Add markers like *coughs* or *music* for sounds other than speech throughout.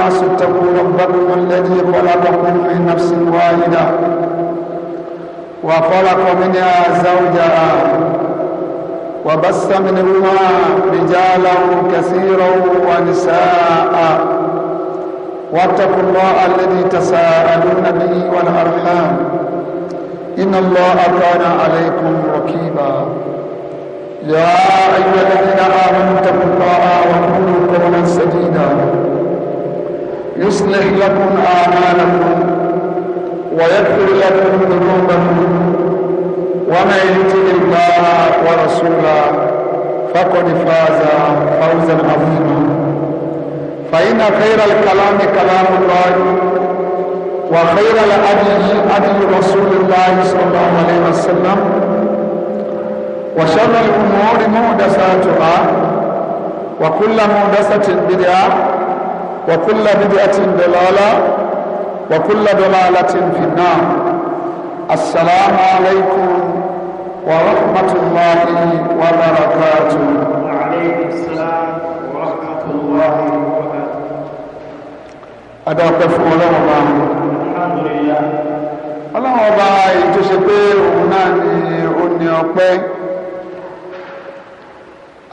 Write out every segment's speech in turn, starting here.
الناس اتقوا ربكم الذي خلقكم من نفس واحدة وخلق منها زوجها وبث منهما رجالا كثيرا ونساء واتقوا الله الذي تساءلون به والأرحام إن الله كان عليكم ركيبا يا أيها الذين آمنوا اتقوا الله وكونوا قولا سديدا يصلح لكم أعمالكم ويغفر لكم ذنوبكم ومن يطع الله ورسوله فقد فاز فوزا عظيما فإن خير الكلام كلام الله وخير الأدي أدي رسول الله صلى الله عليه وسلم وشر الأمور مهدساتها وكل مهدسة بدعة وكل بدعة دلالة وكل دلالة في النار السلام عليكم ورحمة الله وبركاته وعليكم السلام ورحمة الله وبركاته أدعوك الله الحمد لله ọlọ́run ọba èyí tó ṣe pé òun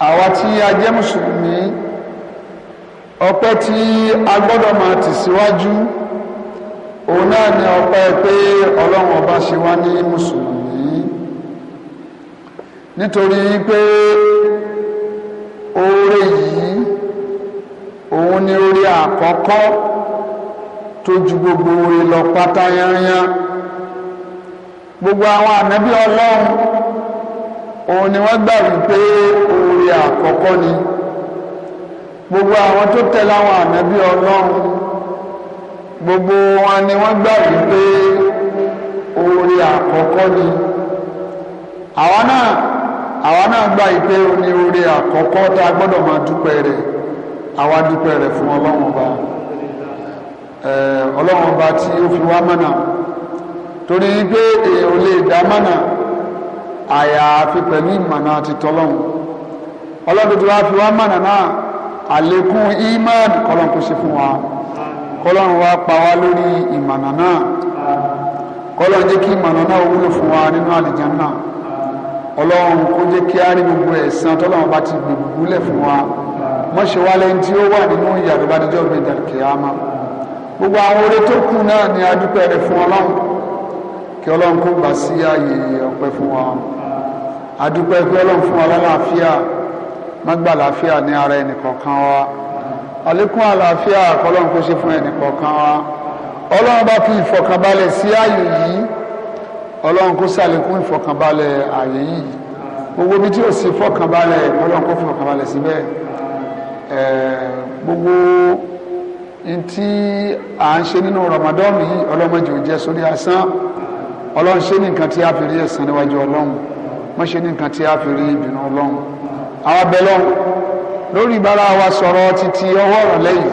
àwa tí a mùsùlùmí ọpẹ́ tí a gbọ́dọ̀ máa tì òun náà ni ọpẹ́ pé ọlọ́run ọba ṣe wá ní mùsùlùmí nítorí pé oore yìí òun ni oore àkọ́kọ́ tó ju gbogbo oore lọ pátá yányán gbogbo àwọn ànábì ọlọ́run òun ni wọ́n gbà wípé oore àkọ́kọ́ ni. Oore gbogbo àwọn tó tẹ̀lé àwọn ọlọ́run gbogbo wọn ni wọ́n gbà wípé orí àkọ́kọ́ ni àwa náà àwa náà gbà wípé o ní oore àkọ́kọ́ tá a gbọ́dọ̀ máa dúpẹ́ rẹ̀ àwa dúpẹ́ rẹ̀ fún ọlọ́run ọba ọlọ́run ọba tí ó fi wá mọ̀nà torí pé èèyàn lè dá mọ̀nà àyàfi pẹ̀lú ìmọ̀nà àti tọ́lọ́run ọlọ́run tó wá àlékún imán kọ́lọ́n kó ṣe fún wa kọ́lọ́n wa pa wá lórí ìmọ̀nà náà kọ́lọ́n jẹ́ kí ìmọ̀nà náà wúlò fún wa nínú àlìjánnà ọlọ́run kó jẹ́ kí á rí gbogbo ẹ̀san tọ́lọ́run bá ti gbìgbúlẹ̀ fún wa mọ́ṣẹ́ wa lẹ́yìn tí ó wà nínú ìyá mi dàrú kíyámà gbogbo àwọn oore tó kù náà ni a dúpẹ́ rẹ̀ fún ọlọ́run kí ọlọ́run kó gbà sí ààyè ọpẹ́ fún wa a dúpẹ́ pé ọlọ́run fún wa lálàáfíà wọ́n gba àlàáfíà ní ara ẹnìkọ̀ọ̀kan wa àlékún àlàáfíà kọ́lọ́run kó ṣe fún ẹnìkọ̀ọ̀kan wa ọlọ́run bá fi ìfọ̀kànbalẹ̀ sí ààyè yìí ọlọ́run kó ṣàlékún ìfọ̀kànbalẹ̀ ààyè yìí gbogbo bí tí ò sí fọ̀kànbalẹ̀ ọlọ́run kó fọ̀kànbalẹ̀ síbẹ̀ gbogbo ntí à ń ṣe nínú Ramadan yìí ọlọ́mọdé ò jẹ́ sórí asán ọlọ́run ṣe ní nǹkan tí a fi rí ẹ̀san níwájú ọlọ́run wọ́n ṣe ní nǹkan tí a fi rí ìbínú ọlọ́run àwọn abẹ́lọ́ lórí ìbára wa sọ̀rọ̀ títí ọwọ́ ọ̀rọ̀ lẹ́yìn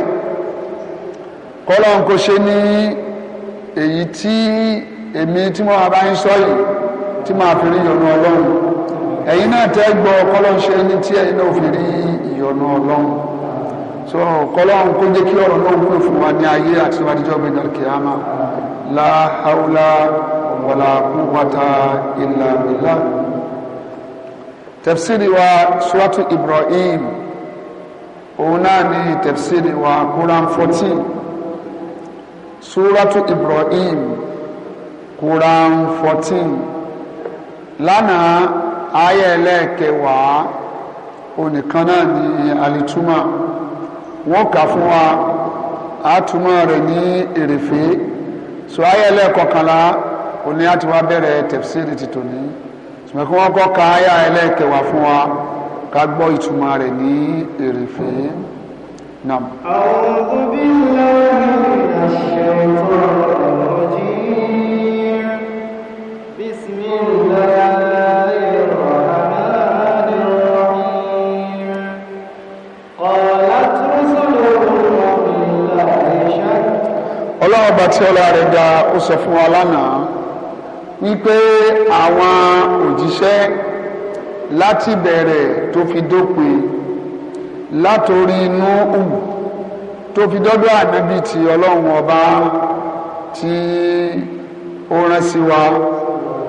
kọ́lọ́ n kò ṣe ní èyí tí èmi tí mo bá ń sọ yìí tí màá fi rí ìyọnu ọlọ́run ẹ̀yin náà tẹ́ gbọ́ kọ́lọ́ ń ṣe ní tí ẹ̀yin náà fi rí ìyọnu ọlọ́run so kọ́lọ́ n kò jẹ́ kí ọ̀rọ̀ náà wúlò fún wa ní ayé àti ìwádìíjọ́ gbẹ̀dẹ̀ kìámà la haula wala quwwata illa billah. Tafsiri wa suratu Ibrahim òun náà ní tẹ̀fsìrì wa Quran fourteen suratu Ibrahim Quran fourteen lánàá ayé ẹlẹ́ẹ̀kẹwàá onìkan náà ní àlìtúmọ̀ wọ́n kà fún wa àtúmọ̀ rẹ̀ ní èrèfé so ayé ẹlẹ́ẹ̀kọkànlá òní àti wá bẹ̀rẹ̀ tẹ̀fsìrì tìtòní. ṣùgbọ́n kí kọ́ ka ayá ẹlẹ́ẹ̀kẹwàá fún wa ká gbọ́ ìtumọ̀ rẹ̀ ní èrèfé nam. A'udhu billahi tí ọlá rẹ̀ ga ó sọ fún wa lánàá wípé àwọn òjíṣẹ́ láti bẹ̀rẹ̀ tó fi dópin látòrí inú òmù tó fi dọ́dọ̀ ànábì ti ọlọ́run ọba tí ó rán sí wa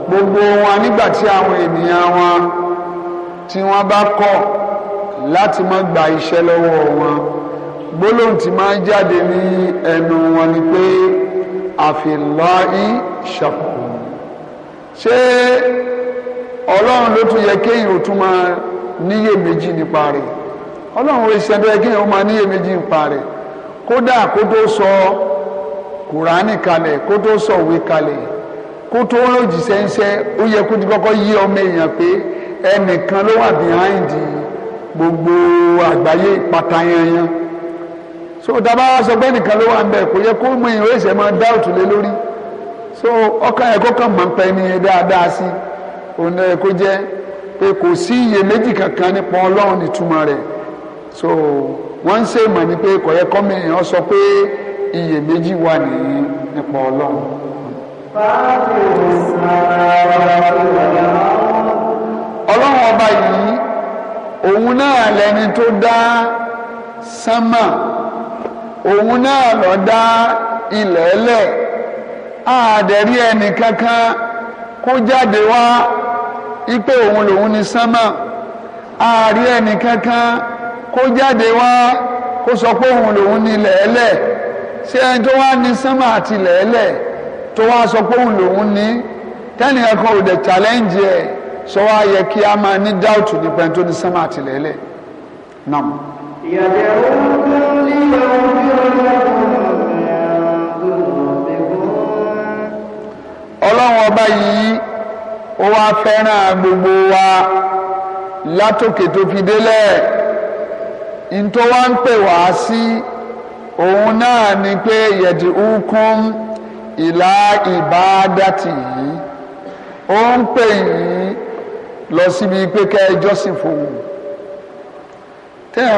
gbogbo wọn nígbà tí àwọn ènìyàn wọn tí wọ́n bá kọ̀ láti má gba iṣẹ́ lọ́wọ́ wọn gbólóhùn tí máa ń jáde ní ẹnu wọn ni pé àfìlọ́ọ̀ì ṣàkóso. ṣé ọlọ́run ló tún yẹ kéèyàn ò tún máa níyè méjì nípa rẹ̀ ọlọ́run oṣù ṣẹ́ńtọ́ yẹ kéèyàn ó máa níyè méjì nípa rẹ̀ kódà kó tó sọ kùránì kalẹ̀ kó tó sọ òwe kalẹ̀ kó tó lòdì sẹ́ńsẹ́ ó yẹ kó ti kọ́kọ́ yí ọmọ èèyàn pé ẹnìkan ló wà behind gbogbo àgbáyé yanyan so dábàá sọ pé ẹnìkan ló wà ń bẹ̀ kó yẹ kó so ọkàn ẹ̀kọ́ kan máa ń pẹ́ ní dáadáa sí òun náà ẹ̀kọ́ jẹ́ pé kò sí iyèméjì kankan nípa ọlọ́run nítumọ̀ rẹ̀ so wọ́n ń ṣe ìmọ̀ ní pé kò yẹ kọ́mi èèyàn sọ pé iyèméjì wà nìyí nípa ọlọ́run. ọlọ́run ọba yìí òun náà lẹni tó dá sánmà òun náà ló dá ilẹ̀ ẹlẹ́ẹ̀ àdẹ̀rí ẹnì kankan kó jáde wá ipe òun lòun ní sánmà àárí ẹnì kankan kó jáde wá kó sọ pé òun lòun ní lẹ̀ẹ́lẹ̀ ṣé ẹni tó wá ní sánmà àti lẹ̀ẹ́lẹ̀ tó wá sọ pé òun lòun ní tẹ́nìkan kan ò challenge ẹ̀ sọ wá yẹ kí a máa ní doubt nípa ẹni tó ní sánmà àti lẹ̀ẹ́lẹ̀ náà. ìyàtẹ̀ òun ló ní ọdún ọdún ọdún. ọlọ́run ọba yìí ó wá fẹ́ràn gbogbo wa látòkè tó fi délẹ̀ ntọ́ wa ń pè wá sí òun náà ni pé yẹ̀dì ukùn ìlà ìbádàtì yìí ó ń pè yín lọ síbi pé kẹ́ ẹ jọ́sìn fún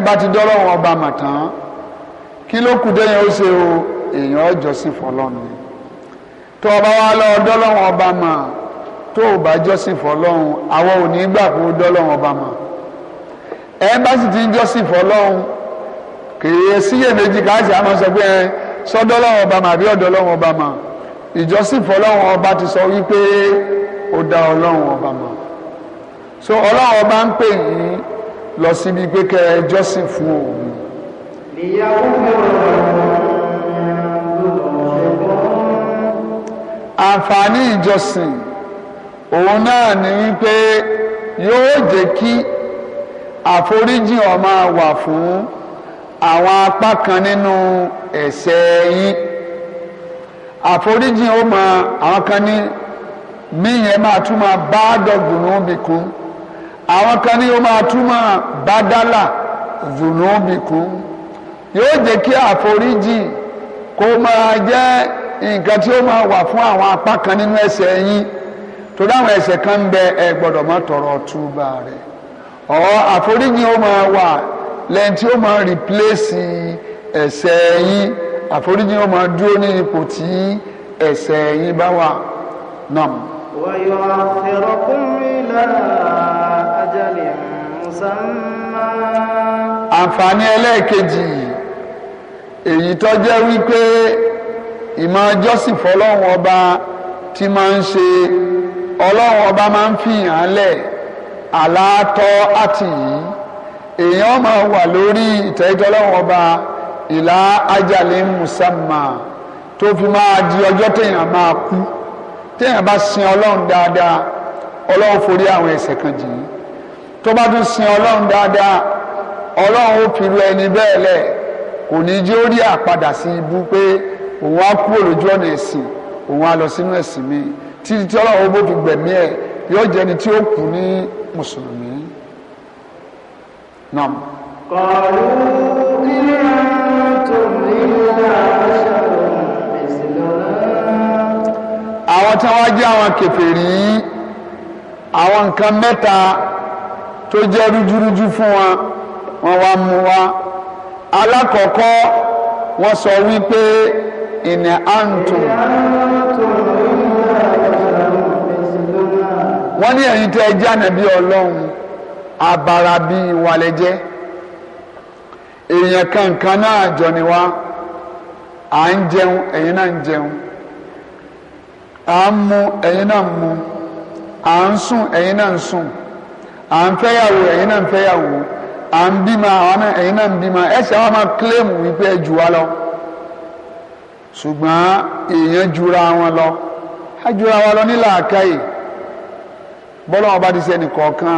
bá ti dọ́lọ́wọ́n ọba mà kí ló kù déèyàn ó ṣe o èèyàn ọjọ́sìn fọlọ́run ni tó o bá wá lọ dọ́lọ́wọ́n ọba mà tó o bá jọ́sìn fọlọ́run àwọn ò ní gbà kó o dọ́lọ́wọ́n ọba mà ẹ bá sì ti ń jọ́sìn fọlọ́run kèye síyèméjì káàsì àmọ́ sọ pé ẹ sọdọ́lọ́wọ́n ọba mà àbí ọ̀dọ́lọ́wọ́n ọba mà ìjọ́sìn fọlọ́run ọba ti sọ wípé ó dá ọlọ́run ọba mà so ọlọ́run ọba ń pè yín lọ síbi pé kẹ́ ẹ jọ́sìn fún òun. ìyàwó mi ò rọrùn. àǹfààní ìjọsìn òun náà ni wípé yóò jẹ́ kí àforíjìn ó wà fún àwọn apá kan nínú ẹ̀ṣẹ̀ yín àforíjìn ó máa àwọn kan ní míyẹn máa tún máa bá dọ̀gùnúbìkún àwọn kan ní ó máa tún máa bá dálà dùnúbìkún yóò jẹ́ kí àforíjìn kó máa jẹ́ nǹkan tí ó máa wà fún àwọn apá kan nínú ẹ̀ṣẹ̀ yín torí àwọn ẹ̀ṣẹ̀ kan ń bẹ ẹ gbọ́dọ̀ má tọrọ túbà rẹ̀ ọ̀ àforíjì ó máa wà lẹ́yìn tí ó máa rìpléṣì ẹ̀ṣẹ̀ yín àforíjì ó máa dúró ní ipò tí ẹ̀ṣẹ̀ yín bá wà náà. wàyọ̀ àfẹ́rọ̀kùnrin náà àǹfààní ẹlẹ́ẹ̀kejì èyí tó jẹ́ wípé ìmọ̀ jọ́sìn fọlọ́run ọba tí máa ń ṣe ọlọ́run ọba máa ń fi hàn lẹ̀ àlàátọ́ àti yìí èèyàn máa wà lórí ìtẹ́jọ́ ọlọ́run ọba ìlà ajalè musamma tó fi máa di ọjọ́ téèyàn máa kú téèyàn bá sin ọlọ́run dáadáa ọlọ́run forí àwọn ẹ̀ṣẹ̀ kan jì í tó bá tún sin ọlọ́run dáadáa ọlọ́run ó fi lu ẹni bẹ́ẹ̀ lẹ̀ kò ní jẹ́ ó rí àpadà sí ibú pé òun wá kúrò lójú ọ̀nà ẹ̀sìn òun á lọ sínú ẹ̀sìn mi títí tí ọlọ́run bó fi gbẹ̀mí ẹ̀ yóò jẹ́ ẹni tí ó kú ní mùsùlùmí. kọ̀ọ̀lù ní àtúntò nílẹ̀ àwọn tí wọ́n jẹ́ àwọn kèfèrí àwọn nǹkan mẹ́ta tó jẹ́ rújúrújú fún wa wọ́n wá mú wa alákọ̀ọ́kọ́ wọ́n sọ wípé. in antum wọ́n ní ẹ̀yin tẹ́ ẹ ànábì ọlọ́run abara bíi wàlẹ́jẹ́ èèyàn kankan náà jọ ni wá à ń jẹun ẹ̀yin náà ń jẹun à ń mu ẹ̀yin náà ń mu à ń sùn ẹ̀yin náà ń sùn à ń fẹ́yàwó ẹ̀yin náà ń fẹ́yàwó à ń bímọ àwọn ẹ̀yin náà ń bímọ ẹ̀ṣẹ̀ wọn máa kílẹ̀mù wípé ẹ jù wá lọ. ṣùgbọ́n èèyàn jura wọn lọ á jura wọn lọ ní làákàyè bọ́lá wọn bá ti sẹ́ni kọ̀ọ̀kan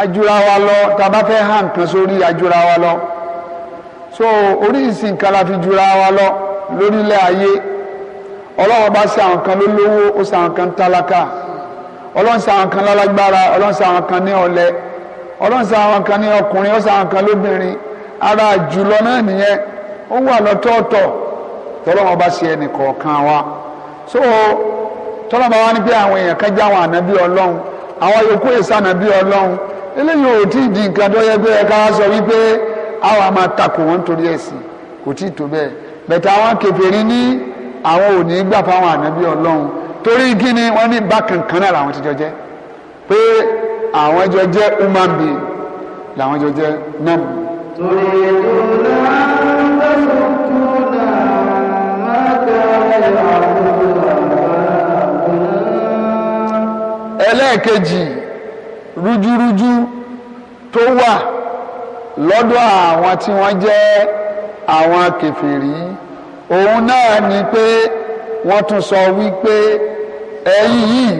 á jura wa lọ tá fẹ́ hàn kan sórí á jura wa lọ so oríṣi nǹkan la fi jura wa lọ lórílẹ̀ ayé ọlọ́wọ́ bá ṣe àwọn kan lólówó ó ṣe àwọn kan tálákà ọlọ́run ṣe àwọn kan lálágbára ọlọ́run ṣe àwọn kan ní ọ̀lẹ ọlọ́run ṣe àwọn kan ní ọkùnrin ó àwọn kan lóbìnrin ara jùlọ náà nìyẹn ó wà lọ́tọ̀ọ̀tọ̀ tọ́lọ́mọ bá ṣe ẹnì kọ̀ọ̀kan wa so tọ́lọ́mọ wa ní bí àwọn èèyàn kan já àwọn ànábì ọlọ́run àwọn yòókù èsì ànábì ọlọ́run eléyìí ò tí ì di nǹkan tó yẹ pé ẹ ká sọ wípé àwọn a máa takò wọn torí ẹ̀sìn kò tí ì tó bẹ́ẹ̀ bẹ̀tẹ̀ àwọn kèfèrí ní àwọn ò ní gbà fáwọn ànábì ọlọ́run torí kí ni wọ́n ní bákan kan náà làwọn ti jọ jẹ́ pé àwọn jọ jẹ́ human being làwọn jọ jẹ́ náà. torí ètò náà ń bẹ̀rù ẹlẹ́ẹ̀kejì rújúrújú tó wà lọ́dọ̀ àwọn tí wọ́n jẹ́ àwọn kèfèrí òun náà ni pé wọ́n tún sọ wípé ẹ̀yin yìí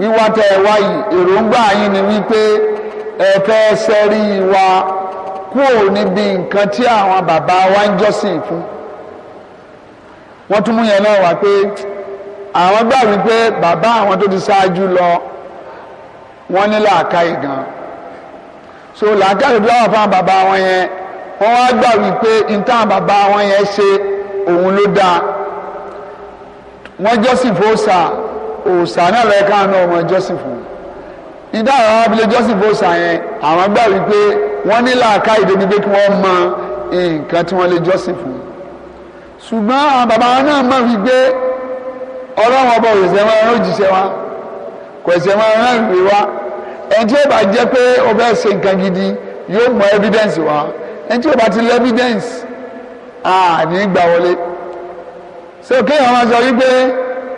wíwá tẹ ẹ wá yìí èròǹgbà yín ni wípé ẹ fẹ́ sẹ́rí wa kúrò níbi nǹkan tí àwọn bàbá wa ń jọ́sìn fún wọ́n tún mú yẹn náà wá pé àwọn gbà wípé bàbá àwọn tó ti ṣáájú lọ wọ́n ní làákàyè gan so làákàyè bí wọ́n fáwọn bàbá wọn yẹn wọ́n wá gbà wípé ntáwọn bàbá wọn yẹn ṣe òun ló dáa wọ́n jọ́sìn fún òòṣà òòṣà náà lọ́ọ́ ká náà wọ́n jọ́sìn nígbà àwọn abilé jọ́sìn fún yẹn àwọn gbà wípé wọ́n ní làákàyè débi pé kí wọ́n mọ nǹkan tí wọ́n lè jọ́sìn ṣùgbọ́n àwọn bàbá wa náà mọ̀ wípé ọlọ́run ọba òṣìṣẹ́ wọn ẹran òjìṣẹ́ wa kò ṣe wọn ẹran ìwé wa ẹni tí ó bá jẹ́ pé o fẹ́ ṣe nǹkan gidi yóò mọ evidence wa ẹni tí ó bá ti lọ evidence à ní gbà wọlé so kéèyàn máa sọ wípé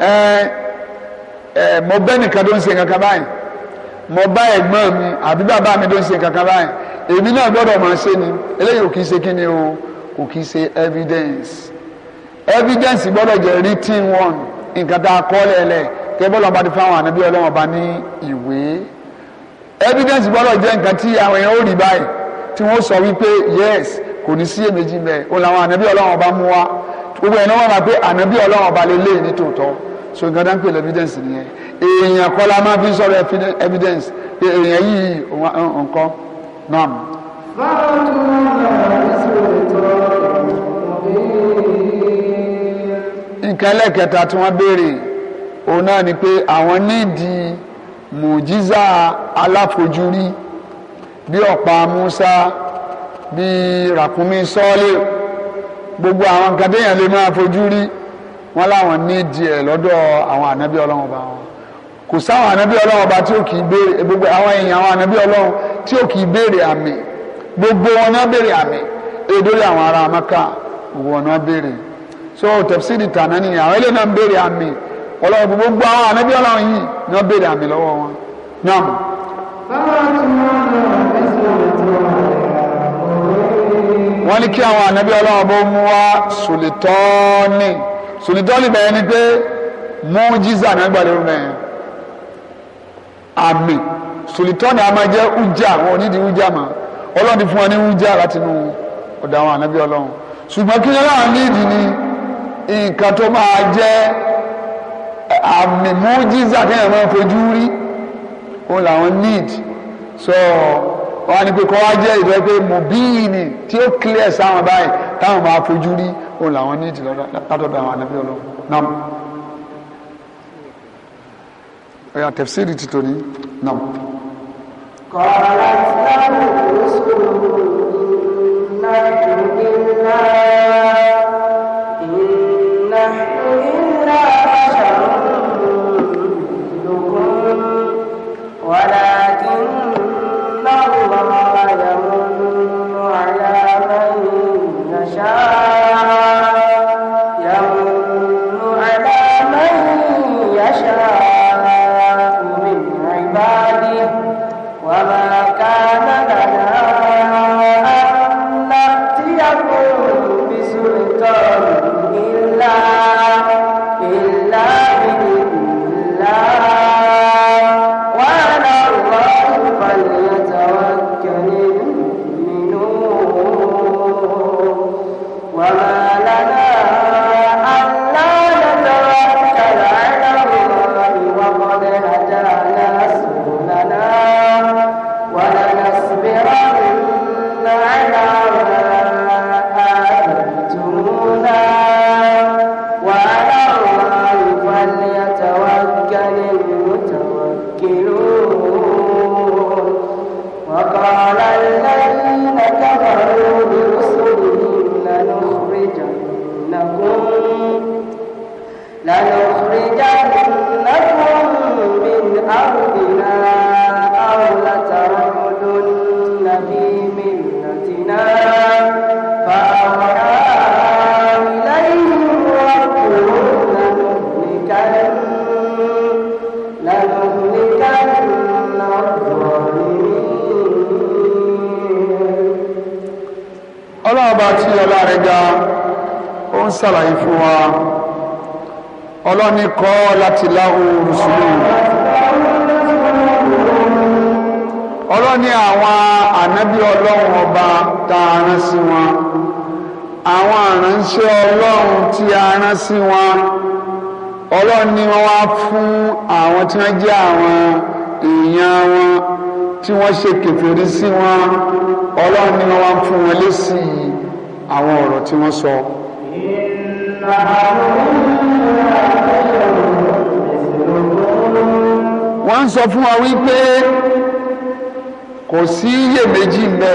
ẹ ẹ mo bẹ́ nìkan tó ń ṣe nǹkan kan báyìí mo bá ẹ̀gbọ́n mi àbí bàbá mi tó ń ṣe nǹkan kan báyìí èmi náà gbọ́dọ̀ máa ṣe ni eléyìí ò kì í ṣe kí ni o kò kì í ṣe evidence evidence gbọ́dọ̀ jẹ́ written one nǹkan tá a kọ́ lẹ́lẹ̀ kí bọ́lá ọba ti fún àwọn ànábí ọlọ́wọ́n ọba ní ìwé evidence gbọ́dọ̀ jẹ́ nǹkan tí àwọn èèyàn ó rí báyìí tí wọ́n sọ wípé yes kò ní sí èméjì bẹ́ẹ̀ ó làwọn ànábí ọlọ́wọ́n ọba mú wa gbogbo ẹ̀ náà wọ́n máa pé ànábí ọlọ́wọ́n ọba lè léyìn ní tòótọ́ so nǹkan tá ń pè lẹ́ evidence nìyẹn èèyàn kọ́ la máa fi sọ̀rọ̀ evidence èèyàn yìí nǹkan náà. báwo ni wọ́n lọ nkẹlẹ tí wọ́n béèrè òun náà ni pé àwọn nídìí mùjíza aláfojúrí bí ọ̀pá Musa bí ràkúnmí sọ́ọ́lì gbogbo àwọn nǹkan téèyàn lè máa fojú rí wọn láwọn nídìí ẹ̀ lọ́dọ̀ àwọn ànábí ọlọ́run bá wọn kò sáwọn ànábí ọlọ́run bá tí ò kì í béèrè gbogbo àwọn èèyàn àwọn ànábí ọlọ́run tí ò kì í béèrè àmì gbogbo wọn náà béèrè àmì èdè lórí àwọn ará Maka gbogbo wọn náà béèrè so tẹ̀síìdì tàná nìyẹn àwọn eléyìí náà ń béèrè àmì ọlọ́run gbogbo àwọn ànábì ọlọ́run yìí ni wọ́n béèrè àmì lọ́wọ́ wọn náà. wọ́n ní kí àwọn ànábì ọlọ́run bó mú wá sùlìtọ́ọ̀nì sùlìtọ́ọ̀nì bẹ̀rẹ̀ ni pé mọ́jísà náà gbàlẹ́ rúmẹ̀ àmì sùlìtọ́ọ̀nì a máa jẹ́ ujá wọn ò nídìí ujá mà ọlọ́run ti fún wọn ní ujá látinú ọ̀dọ̀ àwọn ànábì ọlọ́run ṣùgbọ́n kí ni ọlọ́run ní ìdí ni nǹkan tó máa jẹ́ àmì mújísà kéèyàn máa fojú rí òun làwọn need so wọn á ní pé kó wá jẹ́ ìjọ pé mòbíìnì tí ó clear sáwọn báyìí táwọn máa fojú rí òun làwọn need látọ̀dọ̀ àwọn ànábì Ọlọ́run nam ẹ̀yà tafsiri ti tòní nam. kọ́lá sábà ló sọ̀rọ̀ náà tó ní náà. ti láhùn rùsùlùm ọlọ́run ní àwọn ànábì ọlọ́run ọba tá a rán sí wọn àwọn àránṣẹ́ ọlọ́run tí a rán sí wọn ọlọ́run ní wọ́n wá fún àwọn tí wọ́n jẹ́ àwọn èèyàn wọn tí wọ́n ṣe kèfèrí sí wọn ọlọ́run ní wá fún wọn lésì àwọn ọ̀rọ̀ tí wọ́n sọ. ìnáwó wọ́n ń sọ fún wa wípé kò sí iyèméjì mbẹ́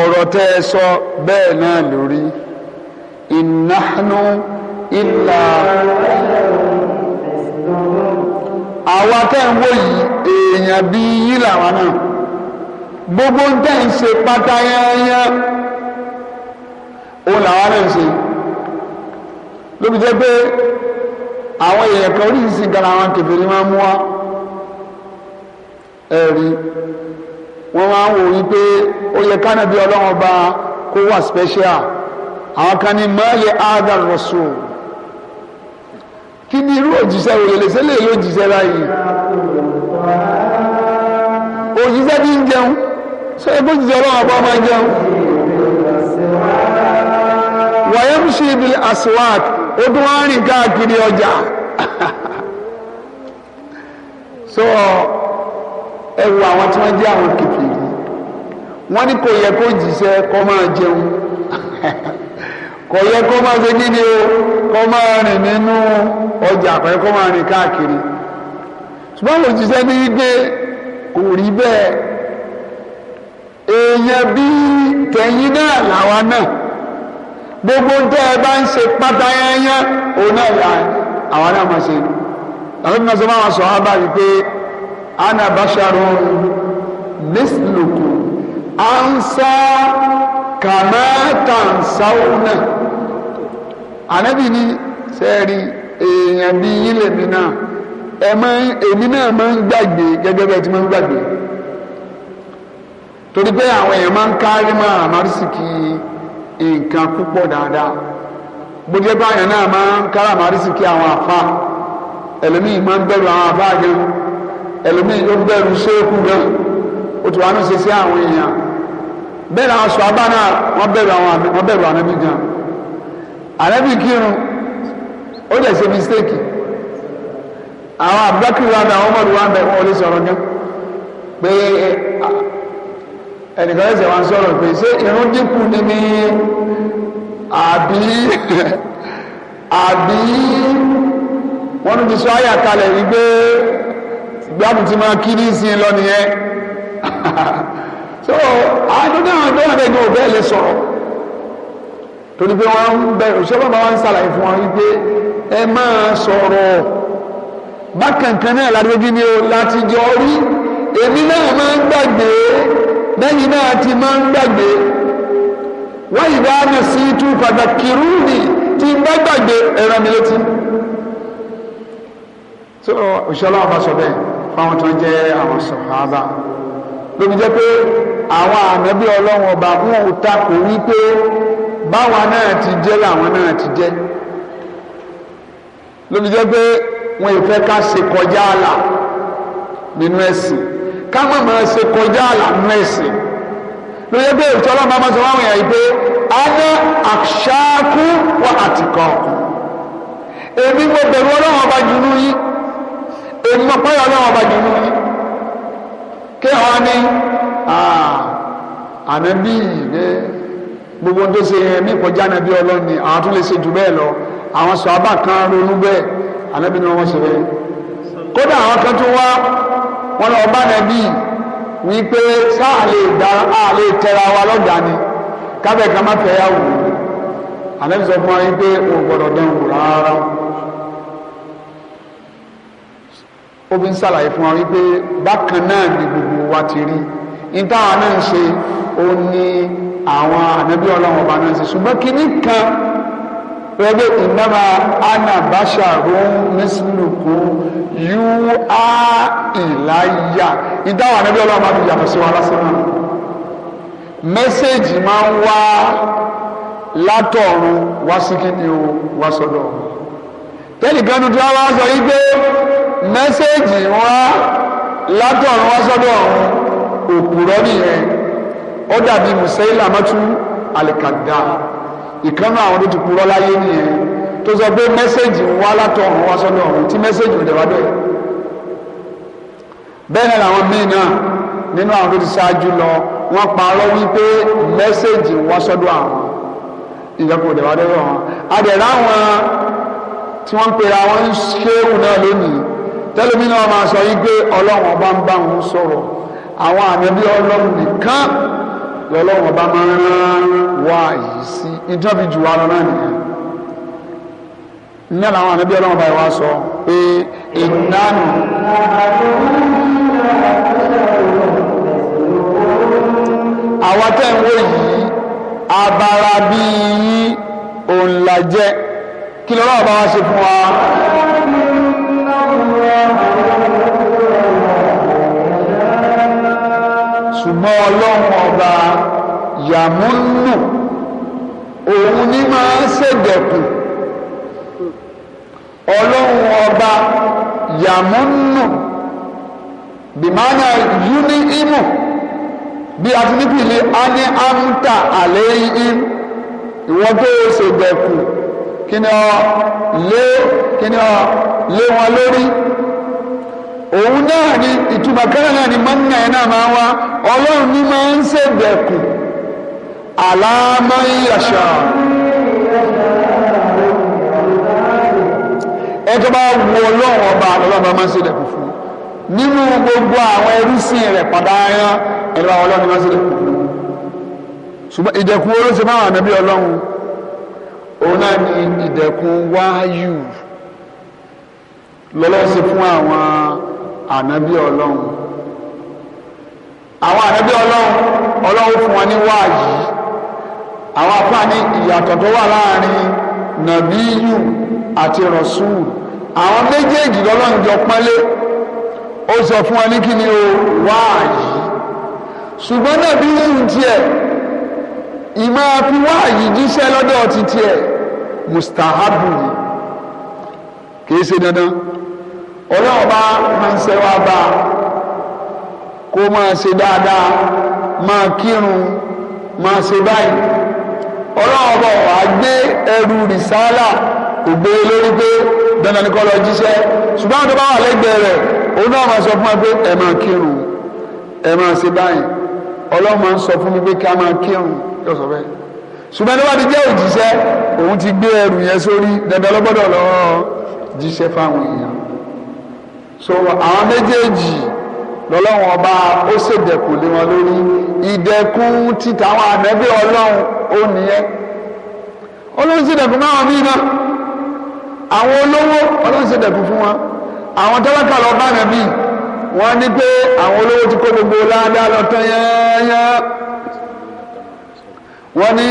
ọ̀rọ̀ tẹ́ ẹ sọ bẹ́ẹ̀ náà lórí ìnáhánú ìlà àwa tẹ́ ń wò yìí èèyàn bíi yín làwa náà gbogbo ń tẹ́ ń ṣe pátá yányán òun làwa náà ń ṣe lóbi jẹ́ pé àwọn èèyàn kan orí látara àwọn kèfèrí máa mú wa ẹ̀rí wọ́n máa ń wò wípé ó yẹ kánàbí ọlọ́run ọba kó wà special àwọn kan ní mọ́ọ̀lì áádàr rasul kí ni irú òjíṣẹ́ òyìnlẹ̀sẹ̀ lè ló jíṣẹ́ báyìí òjíṣẹ́ bí ń jẹun ṣé ẹgbẹ́ òjíṣẹ́ ọlọ́run ọba máa jẹun wàyẹ́mùsí ibi àsìwáàkì ó tún wá rìn káàkiri ọjà so ẹ wo àwọn tí wọ́n jẹ́ àwọn kèfèrí wọ́n ní kò yẹ kó jíṣẹ́ kó máa jẹun *laughs* kò yẹ kó máa ṣe gidi o kó máa rìn nínú ọjà kò yẹ kó máa rìn káàkiri ṣùgbọ́n ló jíṣẹ́ ní gbé kò rí bẹ́ẹ̀ èèyàn bíi tẹ̀yìn náà làwa náà gbogbo tẹ́ ẹ bá ń ṣe pátá yányán òun náà làwọn náà máa ṣe ni àwọn ìgbìmọ̀ sọ́mọ́ àwọn sọ̀rọ̀ bá rí i pé ana basharun mislukum ansa kama tansawna ànábì ní sẹ́ẹ̀rì èèyàn bíi yín lèmi náà ẹ máa èmi náà máa ń gbàgbé gẹ́gẹ́ bẹ́ẹ̀ tí máa ń gbàgbé torí pé àwọn èèyàn máa ń kárí máa àmárísìkì nǹkan púpọ̀ dáadáa bó jẹ́ báyọ̀ náà máa ń kárí àmárísìkì àwọn àfa ẹlòmíì máa ń bẹ̀rù àwọn àbá gan ẹlòmíì ló ń bẹ̀rù séèkù gan ó ti wà ní sẹ́sẹ́ àwọn èèyàn bẹ́ẹ̀ làwọn sọ abá náà wọ́n bẹ̀rù àwọn àmì wọ́n bẹ̀rù ànábì gan ànábì kírun ó dẹ̀ ṣe mistake àwọn Abubakar wa bẹ àwọn ọmọdé wa bẹ wọn ò lè sọ̀rọ̀ gan pé ẹnìkan ẹsẹ̀ wa ń sọ̀rọ̀ pé ṣé irun dínkù ni ní àbí *laughs* àbí wọ́n tún ti sọ àyà kalẹ̀ wípé gbàmù ti máa kí ní ìsìn lọ nìyẹn so àádọ́dọ́ àwọn ẹgbẹ́ wọn bẹ́ẹ̀ bẹ́ẹ̀ lè sọ̀rọ̀ torí pé wọ́n ń bẹ òṣèlú bá wọn ń ṣàlàyé fún wọn wípé ẹ máa sọ̀rọ̀ bákankan náà ládùúgbò ni o láti jọ rí èmi náà máa ń gbàgbé lẹ́yìn náà ti máa ń gbàgbé wọ́n ìdá àmì sí tú padà kìrú ni tí ń bá gbàgbé ẹ̀rọ mi létí so òṣìṣẹ́lá ọba sọ bẹ́ẹ̀ fáwọn tó ń jẹ́ àwọn sọ̀hábà lóbi jẹ́ pé àwọn ànábì ọlọ́run ọba wọn ò takò wípé báwa náà ti jẹ́ làwọn náà ti jẹ́ lóbi jẹ́ pé wọn ì fẹ́ ká ṣe kọjá àlà nínú ẹ̀sìn ká má máa ṣe kọjá àlà nínú ẹ̀sìn lóbi jẹ́ pé òṣìṣẹ́lá ọba fáwọn èèyàn yìí pé ana àṣàkú wa àtìkọ́ èmi mo bẹ̀rù ọlọ́run ọba jùlọ yìí èèmọ̀ pẹ́yà ọlọ́wọ́ bá jù lórí kí àwọn ní ah, ànábì ní gbogbo tó ṣe yẹn ní ìkọjá ànábì ọlọ́ni àwọn tó lè ṣe jù bẹ́ẹ̀ lọ àwọn sọ abá kan ronú bẹ́ẹ̀ ànábì ni wọ́n ṣe bẹ́ẹ̀ kódà àwọn kan tó wá wọn lọ bá ànábì wí pé sáà lè dá a lè tẹra wa lọ́dà ni kábẹ́ẹ̀ká má fẹ́ yà wò ànábì sọ fún wa yín pé òun gbọ́dọ̀ dán wò rárá. ó fi ń ṣàlàyé fún wa wípé bákan náà ni gbogbo wa ti rí níta àwọn náà ń ṣe ó ní àwọn ànábí ọlọ́run ọba náà ń ṣe ṣùgbọ́n kínní kan rẹ́gbẹ́ ìnáma anabasharun mislukum yúá ìláyà níta àwọn ànábí ọlọ́run máa fi yàtọ̀ sí wa lásán náà mẹ́sẹ̀gì máa ń wá látọ̀run wá sí kí ni o wá sọ́dọ̀ tẹ́lifíọ́nù tí wọ́n wá sọ yí pé mẹ́sẹ̀gì wá látọ̀run wá sọ́dọ̀ ọ̀run òpùrọ́ nìyẹn ó dàbí Musailamatu alikada ìkànnà àwọn tó ti purọ́ láyé nìyẹn tó sọ pé mẹ́sẹ̀gì wá látọ̀run wá sọ́dọ̀ ọ̀run tí mẹ́sẹ̀gì òde wá dọ̀ yìí bẹ́ẹ̀ náà làwọn míì náà nínú àwọn tó ti ṣáájú lọ wọ́n parọ́ wípé mẹ́sẹ̀gì wá sọ́dọ̀ àwọn ìjọba òde wá dọ̀ yìí wọn àdẹ̀rẹ̀ àwọn tí wọ́n ń pera wọn ń ṣéwù náà lónìí tẹlifíní wọn máa sọ yìí pé ọlọ́run ọba ń bá wọn sọ̀rọ̀ àwọn ànábì ọlọ́run nìkan lọ́lọ́run ọba máa ń rán wá yìí sí ìjọbi jù wá lọ́nà nìyẹn ní àwọn ànábì ọlọ́run ọba yìí wá sọ pé ìnáàánú. àwa tẹ̀ ń wò yìí abara bíi yín kí lọ́wọ́ ọba wá ṣe fún wa. mọ́ ọlọ́run ọba yàmúnù òun ní máa ń ṣègbẹ̀kùn ọlọ́run ọba yàmúnù bìmánà yúní ímù bí a ti níbi ilé a ní amúta àlẹ́ im ìwọ́n tó ṣègbẹ̀kùn kí ni ọ lé kí ni ọ lé wọn lórí òun náà ni ìtumọ̀ kẹ́rẹ́ náà ni mọ́nà ẹ̀ náà máa wá ọlọ́run ní máa ń ṣègbẹ̀kùn àlámáyàṣà ẹ tó bá wu ọlọ́run ọba ọlọ́run máa ń ṣègbẹ̀kùn fún nínú gbogbo àwọn ẹrúsìn rẹ̀ padà ayán ẹ̀rọ àwọn ọlọ́run máa ń ṣègbẹ̀kùn fún ṣùgbọ́n ìdẹ̀kùn olóṣè máa wà nàbí ọlọ́run òun náà ni ìdẹ̀kùn wáyù lọ́lọ́sí ànábì ọlọ́run àwọn ànábì ọlọ́run ọlọ́run fún wọn ní wáàyí àwọn afá ní ìyàtọ̀ tó wà láàrin nàbíyù àti rọ̀ṣùn àwọn méjèèjì lọ́lọ́run jọ pọ́nlé ó sọ fún wọn ní kí ni o wáàyí ṣùgbọ́n nàbíyù tiẹ̀ ìmọ̀ fi wáàyí jíṣẹ́ lọ́dọ̀ ti tiẹ̀ mustahabu kì í ṣe dandan ọlọ́run bá máa ń ṣẹ́wá bá kó máa ṣe dáadáa máa kírun máa ṣe báyìí ọlọ́run bọ̀ wá gbé ẹrù rìsálà ògbé e lórí pé dandan ni kọ́ lọ jíṣẹ́ ṣùgbọ́n àwọn tó bá wà lẹ́gbẹ̀ẹ́ rẹ̀ òun náà máa sọ fún wa pé ẹ máa kírun ẹ máa ṣe báyìí ọlọ́run máa ń sọ fún mi pé ká máa kírun yóò sọ bẹ́ẹ̀ ṣùgbọ́n tó jẹ́ òjíṣẹ́ òun ti gbé ẹrù yẹn sórí dandan lọ́gbọ́dọ̀ lọ́ọ́ jíṣẹ́ fáwọn èèyàn so àwọn méjèèjì lọ́lọ́run ọba ó ṣèdẹ̀kù lé wọn lórí ìdẹ̀kùn títa àwọn ànábì ọlọ́run ó nìyẹn olóhùn ṣèdẹ̀kùn máa wọn bí iná àwọn olówó olóhùn ṣèdẹ̀kùn fún wọn àwọn tẹ́lẹ̀kà lọ bá nàbí wọ́n ní pé àwọn olówó ti kó gbogbo ládàá lọ tán yányá wọ́n ní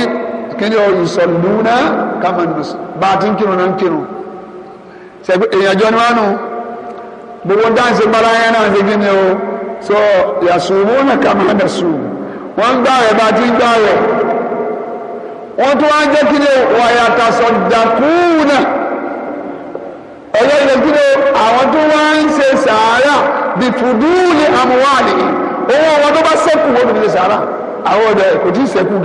kíni o ìsọ̀lùmúná kàmánùsì bá a ti ń kírun náà ń kírun ṣẹ̀gbẹ́ èèyàn jọ ni wọ́n nù gbogbo dáǹsì gbára yẹn náà ṣe kí ni o sọ yàsùn wọn náà kà máa dà sùn wọn gbá rẹ bá ti gbá rẹ wọn tún wá jẹ kí ni wàyàtà sọdàkúnà ọyọ ilẹ kí ni àwọn tó wá ń ṣe sàárà bí fùdúùlì àmúwálì owó àwọn tó bá ṣẹ́kù wọn kò ní sàárà àwọn ọdẹ kò tí ì ṣẹ́kù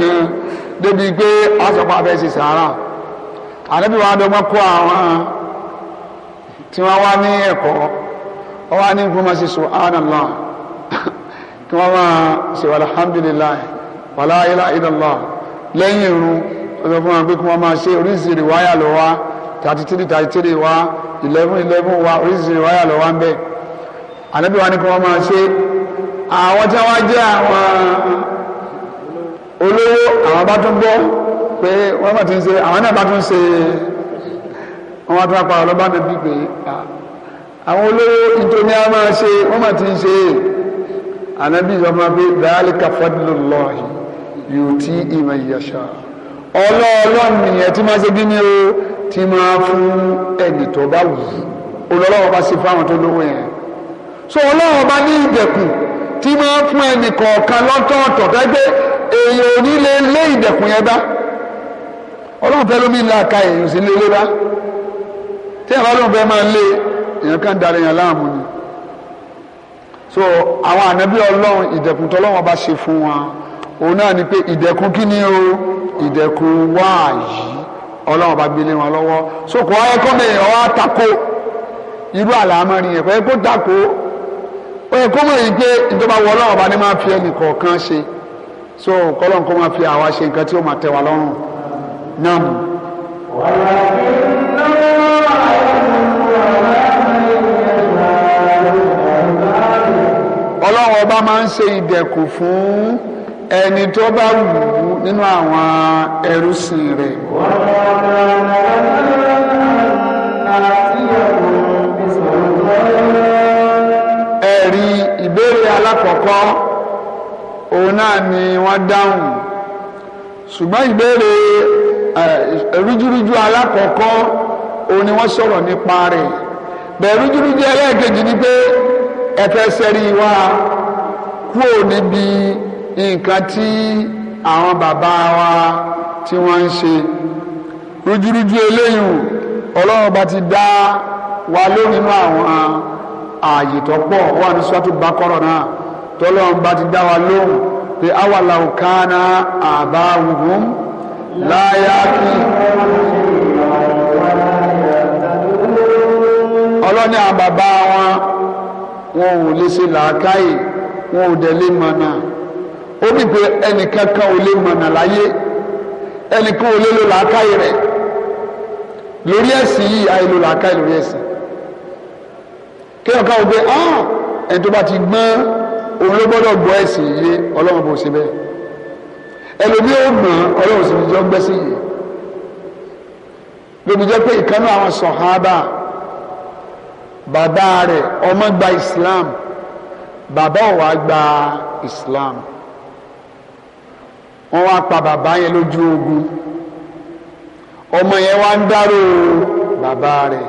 débi pé àṣọpọ abẹ ṣe sàárà àdébíwá dọgbọn kọ àwọn tí wọn wá ní ẹ̀kọ́ ọwọ́ á ní kí wọ́n máa ṣe subhanallah kí wọ́n máa ṣe alhamdulillah wàlá ilaha illallah lẹ́yìn irun ọjọ́ fún wọn pé kí wọ́n máa ṣe oríṣiríṣi rìwáyà lọ wá thirty three thirty three wá eleven eleven wá oríṣiríṣi rìwáyà lọ wá ń bẹ̀ ànábì wa ní kí wọ́n máa ṣe àwọn tí wọ́n jẹ́ àwọn olówó àwọn bá tún gbọ́ pé wọ́n bá ti ń ṣe àwọn náà bá tún ṣe wọ́n bá tún apá ọlọ́bàá àwọn olówó ìtòní a máa ṣe wọ́n máa ti ń ṣe é ànábì ìjọba pé dhalika fadlullahi yuti man yasha ọlọ́ọ̀lọ́ọ̀ nìyẹn tí máa ṣe bí ní o tí máa fún ẹnì tó bá wù ú olọ́lọ́wọ́ bá ṣe fáwọn tó lówó yẹn so ọlọ́wọ́ bá ní ìdẹ̀kùn tí máa fún ẹnì kọ̀ọ̀kan lọ́tọ̀ọ̀tọ̀ dágbé èèyàn ò ní lè lé ìdẹ̀kùn yẹn bá èèyàn kan darí yẹn láàmú ni so àwọn ànábì ọlọ́run ìdẹ̀kùn tọ́lọ́wọ́n bá ṣe fún wa òun náà ni pé ìdẹ̀kùn kí o ìdẹ̀kùn wáàyí ọlọ́run bá gbélé wọn lọ́wọ́ so kò wáyé kọ́mọ èèyàn wá tako irú àlámọ́rí yẹn kò yẹ kó tako ó yẹ kó mọ̀ yìí pé ìjọba wọ ọlọ́run bá ní máa fi ẹnì kọ̀ọ̀kan ṣe so kọ́lọ́n kó máa fi àwa ṣe nǹkan tí ó máa tẹ̀ wá lọ́rùn náà. wàhálà ọlọ́run ọba máa ń ṣe ìdẹ̀kùn fún ẹni tó bá wù ú nínú àwọn ẹrúsìn rẹ̀. ẹ̀rí ìbéèrè alákọ̀ọ́kọ́ òun náà ni wọ́n dáhùn ṣùgbọ́n ìbéèrè rújúrújú alákọ̀ọ́kọ́ òun ni wọ́n sọ̀rọ̀ nípa rẹ̀ bẹ̀rù rújúrújú ẹlẹ́ẹ̀kejì ni pé ẹ fẹ́ sẹ́rí wa kúrò níbi nǹkan tí àwọn bàbá wa tí wọ́n ń ṣe rújúrújú eléyìí ọlọ́run bá ti dá wa lórí inú àwọn ààyè tó pọ̀ wà ní sọ́tù bákọ́rọ̀ náà tọ́lọ́run bá ti dá wa lóhùn pé awàlà òkàánà àbá wùhùn láyà kí. ọlọ́ni àbàbá wọn wọn ò lè ṣe làákàyè wọn ò dẹ̀ lè mọ̀nà ó bì pé ẹnìkan kan ò lè mọ̀nà láyé ẹnìkan ò lè lo làákàyè rẹ̀ lórí ẹ̀sìn yìí àìlò làákàyè lórí ẹ̀sìn kéèyàn kan ò gbé ah ẹni tó bá ti gbọ́n òun ló gbọ́dọ̀ gbọ́ ẹ̀sìn yìí ọlọ́run bò ṣe bẹ́ẹ̀ ẹlòmíì ò gbọ́n ọlọ́run sì fi jọ gbẹ́sìn yìí lóbi jẹ́ pé ìkànnì àwọn sọ̀hábà. So bàbá rẹ̀ ọmọ gba islam bàbá ò gba islam wọ́n wá pa bàbá yẹn lójú ogun ọmọ yẹn wá ń dárò bàbá rẹ̀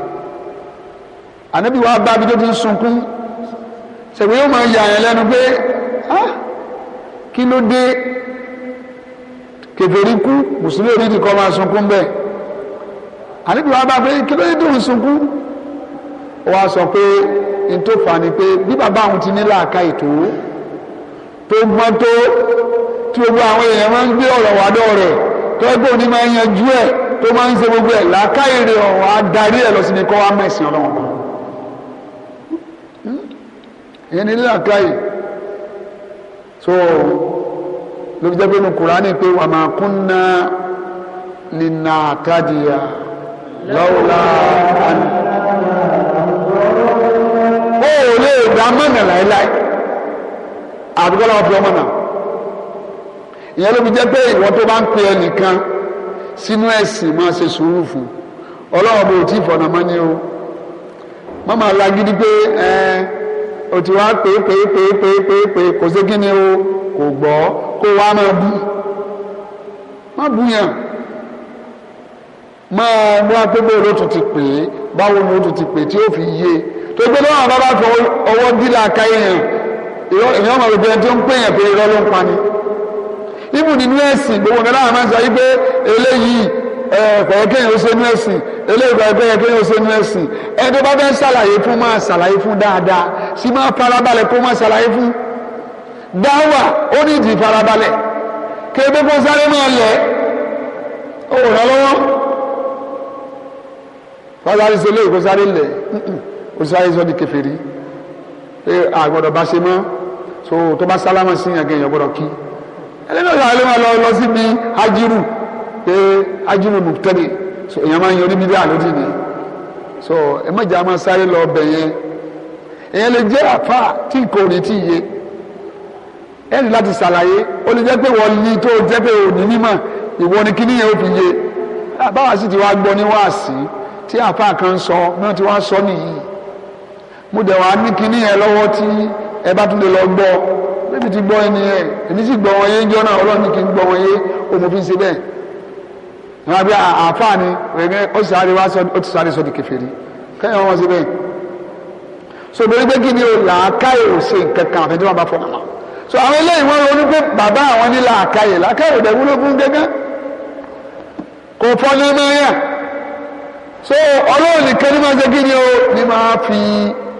ànábì wa bá bí tó ti ń sunkún ṣèwé yóò máa yà yẹn lẹ́nu pé kí ló dé kèfèrí kú mùsùlùmí orí nìkan máa sunkún bẹ́ẹ̀ ànábì wa bá pé kí ló dé tó ń sunkún ó wá sọ pé n tó fà ni pé bí bàbá àwọn ti ní làákà ètò tó gbọ́n tó tí gbogbo àwọn èèyàn máa ń gbé ọ̀rọ̀ wá dọ̀ rẹ̀ tó ẹgbẹ́ òní máa ń yanjú ẹ̀ tó máa ń ṣe gbogbo ẹ̀ làákà èrè ọ̀rọ̀ adarí ẹ̀ lọ sí ni kọ́ wá mẹ́sìn ọlọ́run kan hmm? ìyẹn ní làákà yìí so ló fi jẹ́ pé nu Kùránì pé wà máa kún náà lè nà lè dá mọ̀nà láéláé àdúgbò làwọn fi ọmọ náà ìyẹn ló fi jẹ́ pé ìwọ tó bá ń pe ẹnìkan sínú ẹ̀sìn máa ṣe sùúrù fún ọlọ́wọ́ bó tí ìfọ̀nà máa ní o má máa la gidi pé ẹ o ti wá pé pé pé pé pé pé kò sí kí ni o kò gbọ́ kó wá máa bú má bú yàn máa wá pé bó pè é báwo ló tún ti pè tí ó fi yé e tó gbé lọ́wọ́ bá bá fọ ọwọ́ dílà káyé yẹn èèyàn máa gbé ẹni tó ń pè yẹn pé irọ́ ló ń pani ibù nínú ẹ̀sìn gbogbo nǹkan láwọn máa ń sọ yí pé eléyìí ẹ̀ẹ́dẹ̀kọ̀ọ́ kéèyàn ó ṣe nú ẹ̀sìn eléyìí kọ̀ọ́ kéèyàn kéèyàn ó ṣe nú ẹ̀sìn ẹni tó bá fẹ́ ṣàlàyé fún máa ṣàlàyé fún dáadáa sì máa farabalẹ̀ kó máa ṣàlàyé fún dáwà ó ní ìdí farabalẹ̀ kébé kó sáré máa lẹ̀ ó lọ́wọ́ fọlá ní sọ kó sáré lẹ̀ ó sì sáré sọ di kèfèrí pé àgbọ̀dọ̀ bá ṣe mọ́ so tó salama sálámà sí yàn kéèyàn gbọ́dọ̀ kí ẹlẹ́dọ̀ yàrá lè máa lọ lọ ajiru pé ajiru mùtẹ́lì so èèyàn máa ń yọ níbi bí àlódì ni so ẹ má jẹ́ àmọ́ sáré lọ bẹ̀ yẹn èèyàn lè jẹ́ àfa tí kò ní tí yé ẹni láti ṣàlàyé ó lè jẹ́ pé wọ́n ní tó jẹ́ pé òní mímọ̀ ìwọ ni kíní yẹn ó fi báwa sì ti wá gbọ́ ní wáàsí tí àfa kan sọ náà ti wá sọ nìyí mo dẹ̀ wá ní kinní yẹn lọ́wọ́ tí ẹ bá tún lè lọ gbọ́ bébí ti gbọ́ ẹni yẹn èmi sì gbọ́ wọn yé jọ́ náà ọlọ́run ní kí n gbọ́ wọn yé òun fi ṣe bẹ́ẹ̀ wọn bí àáfàá ni rẹ̀ ó sì sáré wá ó ti sáré sọ di kèfèrí kẹ́yìn wọn ṣe bẹ́ẹ̀ so lórí pé kí ni o làákàyè ò ṣe nǹkan kan àfẹjọ́ wọn bá fọ́ wọn so àwọn eléyìí wọn ronú pé bàbá àwọn ní làákàyè làákàyè ò wúlò fún gẹ́gẹ́ kò fọ́ ní mẹ́rin yà so ọlọ́run nìkan ní máa ṣe kí ni o ní máa fi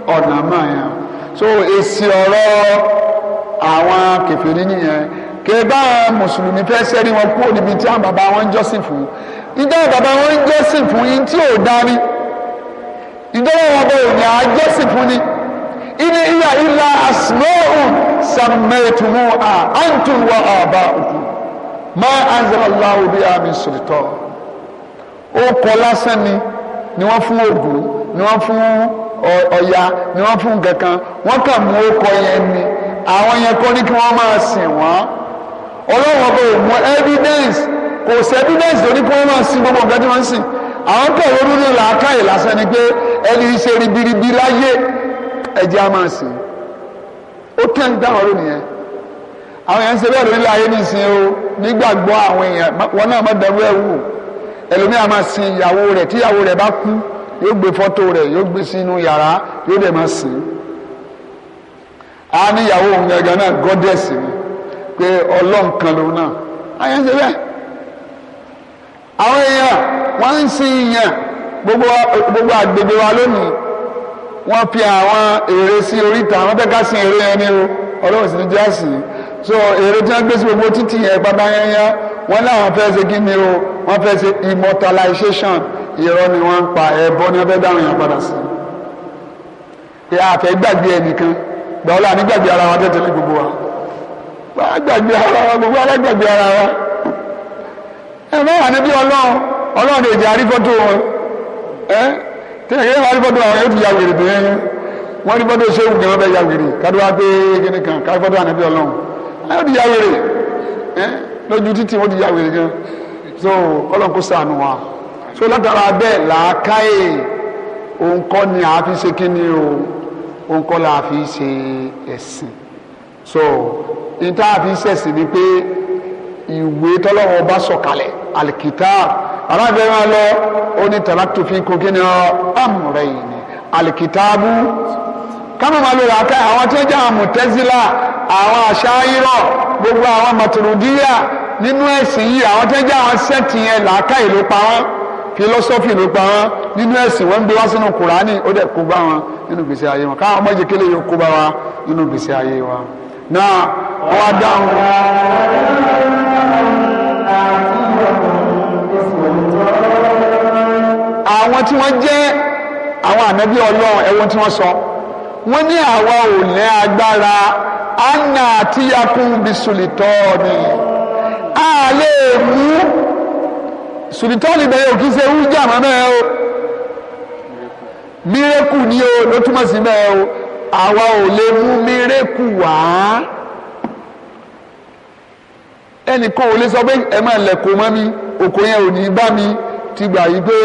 ọ̀nà máa yàn so èsì ọ̀rọ̀ àwọn kèfèrí nìyẹn kébà mùsùlùmí fẹ́ sẹ́rí wọn kúrò níbi tí àwọn bàbá wọn ń jọ́sìn fún ìdá bàbá wọn ń jọ́sìn fún yín tí ò dání ìdọ́wọ́ wọn bọ̀ òní àjọsìn fún ni ìní ìyá ìlà asma'un sàmẹ́tùmù à antum wa aba'ukum ma anzala Allahu biha min sultan ó kọ lásán ni ni wọ́n fún ògùn ni wọ́n fún ọya ni wọ́n fún kankan wọ́n kà mú ọkọ yẹn ni àwọn yẹn kọ́ ní kí wọ́n máa sìn wọ́n ọlọ́run ọba ò mọ evidence kò sí evidence tó ní kí wọ́n máa sìn gbogbo nǹkan tí wọ́n ń sìn àwọn kọ̀ lórí ní làákàyè lásán ni pé ẹni ṣe ribiribi láyé ẹ̀jẹ̀ á máa sìn ó kẹ́ ń dáhùn ọ̀rọ̀ nìyẹn àwọn èèyàn ń ṣe bẹ́ẹ̀ lórí láyé nìsín o nígbàgbọ́ àwọn èèyàn wọn náà má dẹ̀wọ́ ẹ̀ wò ẹlòmíràn máa sin ìyàwó rẹ̀ tíyàwó rẹ̀ bá kú yóò gbé fọ́tò rẹ̀ yóò gbé sínú yàrá yóò dẹ̀ máa sìn á níyàwó òun gangan náà gọ́dẹ̀sì ni pé ọlọ́run kan lòun náà ayé ń ṣe bẹ́ẹ̀ àwọn èèyàn wọ́n ń sin ìyàn gbogbo gbogbo wa lónìí wọ́n fi àwọn èrè sí oríta àwọn fẹ́ ká sin èrè yẹn ni o ọlọ́run sì ní jẹ́ àsìn so èrè tí wọ́n gbé sí gbogbo títì yẹn pápá yẹn yẹn wọ́n láwọn fẹ́ ṣe kí ni o wọ́n fẹ́ ṣe immortalization irọ́ ni wọ́n ń pa ẹbọ ni wọ́n dáhùn yẹn padà sí pé a fẹ́ gbàgbé ẹnìkan gbàwọ́lá ní gbàgbé ara wa tẹ́tẹ́lẹ́ gbogbo wa gbàgbé ara wa gbogbo ara gbàgbé ara wa ẹ má wà níbí ọlọ́run ọlọ́run èdè àrífọ́tò wọn ẹ tẹ́lẹ̀ kí ẹ máa yóò ti ya wèrè bẹ́ẹ̀ wọ́n rífọ́tò sẹ́wù kí wọ́n ya wèrè kádùá pé kíni kan kárífọ́tò ànábì ọlọ́run ẹ lójú títì wọ́n ti ya wèrè gan so ọlọ́run kó ṣàánú wa so látara bẹ́ẹ̀ làákàyè òun kọ́ ni a fi ṣe kíni o òun la fi ṣe ẹ̀sìn so níta fi ṣẹ̀sìn ni pé ìwé tọ́lọ́wọ́ bá sọ̀kalẹ̀ alikitab aláàbẹ̀ máa lọ ó ní tàlátù fi kó kíni ọ amúrẹ́ yìí ni alikitabu kámọ́ máa lò làákàyè àwọn tí wọ́n jẹ́ àwọn àwọn àṣàyírọ̀ gbogbo àwọn màtúrúdíyà nínú ẹ̀sìn yìí àwọn tí wọ́n jẹ́ àwọn sẹ́ǹtì yẹn làákàyè pa wọ́n philosophy ló pa wọn nínú ẹ̀sìn wọn ń gbé wá sínú kùránì ó dẹ̀ kó bá wọn nínú gbèsè ayé wọn káwọn ọmọ jẹkẹlẹ yóò kó bá wa nínú gbèsè ayé wa náà wọn wá dáhùn. àwọn tí wọ́n jẹ́ àwọn ànábí ọlọ́run ẹ̀wọ̀n tí wọ́n sọ wọ́n ní àwa ò ní agbára anna àtìyàkùn bisulitọ́ọ̀nì a lè mú sùdìtọ́ọ̀lì bẹ̀rẹ̀ òkì ṣe wú jàmọ́ bẹ́ẹ̀ o mírẹ́kù ni o ló túmọ̀ sí bẹ́ẹ̀ o àwa ò lè mú mírẹ́kù wá ẹnìkan ò lè sọ pé ẹ máa lẹ̀kọ́ mọ́ mi òkò yẹn ò ní bá mi ti gbà yí pé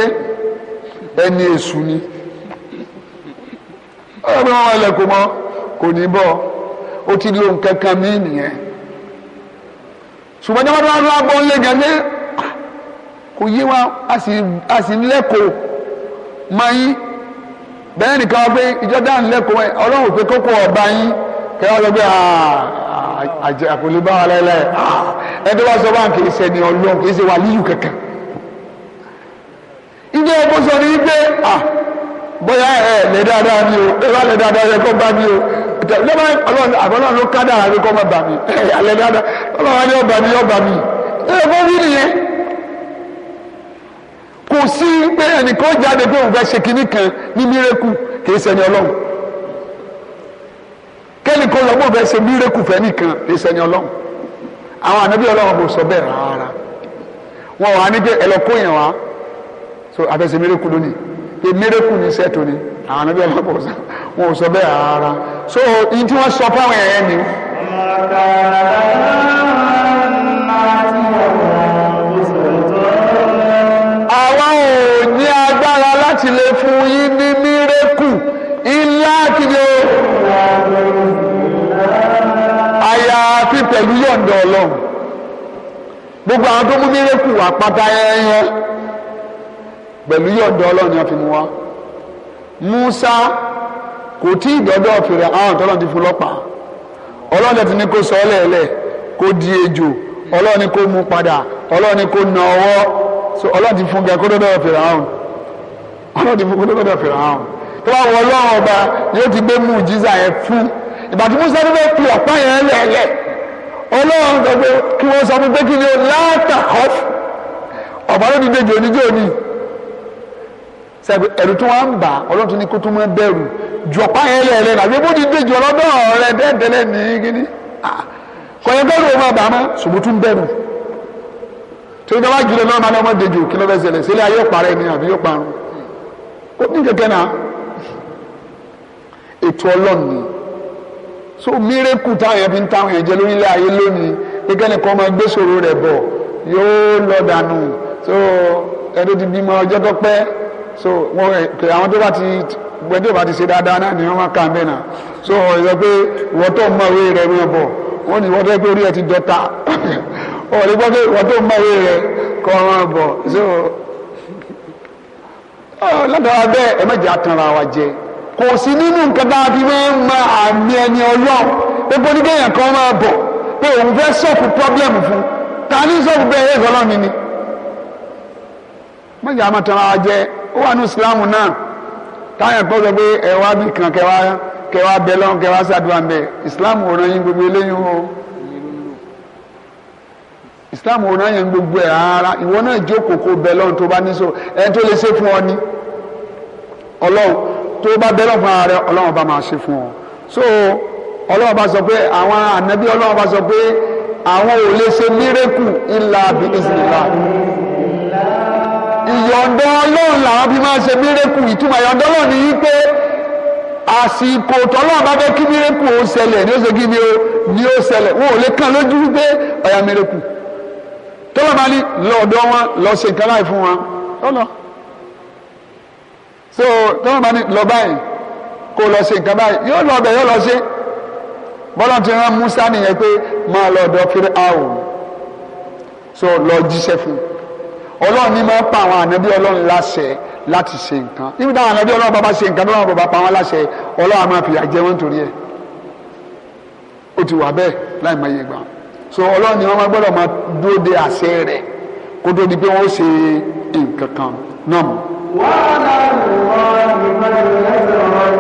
ẹni èṣù ni ọ̀rọ̀ bí wọ́n wá lẹ̀kọ́ mọ́ kò ní bọ́ ó ti lo nǹkan kan mí nìyẹn ṣùgbọ́n jẹ́ wọ́n tó wá kò yé wa a sì ń lẹ́kọ̀ọ́ máa yín bẹ́ẹ̀ nìkan wọ́n pé ìjọ dáhùn lẹ́kọ̀ọ́ ẹ̀ ọlọ́run pé kókó ọba yín kẹ́ ọ lọ pé àkòlè bá wa láéláé ẹni wá sọ báńkì ìṣẹ̀ni ọlọ́run kì í ṣe wà líyù kankan. ìjọ ẹ̀kọ́ sọ ni wípé bóyá ẹ̀ lè dáadáa ni o ẹ bá lè dáadáa yẹ kó bá mi o lọ́wọ́ ọlọ́run àbọ̀lọ́run ló ká dára mi kó má bà mí ẹ̀ alẹ́ dáadáa ọlọ́run á ní ọba mi ọba mi ẹ̀ fọ́ èèyàn ni kó jáde pé òun fẹ́ ṣe kinní kan ní mírẹ́kù kìí ṣẹni ọlọ́run kẹ́ni kó lọ bó fẹ́ ṣe mírẹ́kù fẹ́ nìkan kìí ṣẹni ọlọ́run àwọn ànábì ọlọ́run kò sọ bẹ́ẹ̀ rárá wọn wà á ní pé ẹ yẹn wá so àfẹsẹ̀ mírẹ́kù lónìí pé mírẹ́kù ní iṣẹ́ tó ní àwọn ànábì ọlọ́run kò sọ wọn ò sọ bẹ́ẹ̀ rárá so ìyí tí wọ́n sọ fáwọn ẹ̀yẹ́ ni. láti lè fún yín ní mírẹ́kù ilá kìíní o àyàfi pẹ̀lú yọ̀ǹda ọlọ́run gbogbo àwọn tó mú mírẹ́kù àpáta ẹyẹ pẹ̀lú yọ̀ǹda ọlọ́run ni wọ́n fi mú wa Musa kò tí ì dọ́dọ̀ fèrè àwọn tọ́lọ́run ti fún lọ́pàá ọlọ́run ti ní kó sọ ọ́ lẹ́ẹ̀lẹ́ kó di ejò ọlọ́run ni kó mú padà ọlọ́run ni kó na ọwọ́ ọlọ́run ti fún gẹ́gẹ́ dọ́dọ̀ fèrè àwọn ọlọ́run ti fún kótó lọ́dọ̀ fèrè àwọn tó bá wọ ọlọ́run ọba yóò ti gbé mú jíza yẹn fún ìgbà tí musa tó fẹ́ fi ọ̀pá yẹn lẹ̀lẹ̀ ọlọ́run sọ kí wọ́n sọ fún pé kí ni o látàkọ́ ọ̀bá ló ti dé jòní jòní sẹ́bi ẹ̀rù tó wá ń bà ọlọ́run tó ní kó tó máa bẹ̀rù ju ọ̀pá yẹn lẹ̀lẹ̀ làbí bó ti dé jọ lọ́dọ̀ rẹ dẹ́ẹ̀dẹ́lẹ̀ ní kíní jùlọ náà máa ní ọmọ dèjò kí ló fẹ́ ṣẹlẹ̀ sílẹ̀ ayé ọ̀parẹ́ ni àbí yóò parun kò ní kẹ̀kẹ́ náà ètò ọlọ́run so mírèkù táwọn yẹn fi ń táwọn yẹn jẹ lórílẹ̀ ayé lónìí gẹ́gẹ́ nìkan máa gbé ṣòro rẹ̀ bọ̀ yóò lọ dànù so ẹni tí bímọ ọjọ́ tó pẹ́ so wọn pé àwọn tó bá ti gbẹdẹ bá ti ṣe dáadáa náà ni wọn máa kà ń bẹ náà so ọ sọ pé ìwọ tó mọ ìwé rẹ̀ mọ bọ wọn ni pé orí ẹ ti dọta ọ ní gbọ́ pé ìwọ tó mọ ìwé rẹ̀ ọ so. Oh, látara bẹ́ẹ̀ ẹ má jẹ́ atanra wa jẹ kò sí nínú nǹkan tá a fi máa ń ma àmì ẹni ọlọ́run pé bóníkẹ́yìn kan máa bọ̀ pé òun fẹ́ sọ̀fù pọ́blẹ́mù fún ta ní sọ̀fù bẹ́ẹ̀ ẹ̀rọ náà mi ni má jẹ́ atanra wa jẹ ó wà ní ìsìlámù náà táyà pọ̀ sọ pé ẹ wá bí kan kẹwàá kẹwàá bẹ lọ́run kẹwàá ṣàdúrà ń bẹ ìsìlámù ò ràn yín gbogbo eléyìí o islam ò náà yẹn gbogbo ẹ̀ rárá ìwọ náà jókòó kó bẹ tó bá ní so ẹni tó lè ṣe fún ọ ni ọlọ́run tó bá bẹ fún ara rẹ ọlọ́run bá máa ṣe fún ọ so ọlọ́run bá sọ pé àwọn ànábì ọlọ́run bá sọ pé àwọn ò lè ṣe mírèkù ìlà bí ìsìnlá ìyọ̀ǹdọ́ ọlọ́run làwọn bí máa ṣe mírèkù ìtumọ̀ ìyọ̀ǹdọ́ ọlọ́run ni wípé àsìkò tọ́lọ́run bá fẹ́ kí mírèkù ó ṣẹlẹ̀ ni ó kí ni ó ṣẹlẹ̀ wọn ò lè kàn lójú wípé ọ̀yà mírèkù tọ́lá bá ní lọ́ọ̀dọ́ wọn lọ ṣe nǹkan láì fún wọn lọ́nà so tọ́lá bá ní lọ báyìí kó lọ ṣe nǹkan báyìí yóò lọ ọbẹ̀ yóò lọ ṣe bọ́lá ti rán Musa nìyẹn pé máa lọ́ọ̀dọ́ fèrè áwò so lọ jíṣẹ́ fún ọlọ́run ní máa ń pa àwọn ànábí ọlọ́run láṣẹ láti ṣe nǹkan níbi táwọn ànábí ọlọ́run bàbá ṣe nǹkan ọlọ́run bàbá pa wọn láṣẹ ọlọ́run máa fìyà jẹ wọn nítorí ẹ̀ ó ti wà bẹ́ẹ̀ láì máa yẹ gbà so ọlọ́run ni wọ́n máa gbọ́dọ̀ máa dúró de àṣẹ rẹ̀ kó tó di pé wọ́n ṣe nǹkan kan náà. wọ́n á lọ ìmọ̀ ìlẹ́sẹ̀ ọ̀rọ̀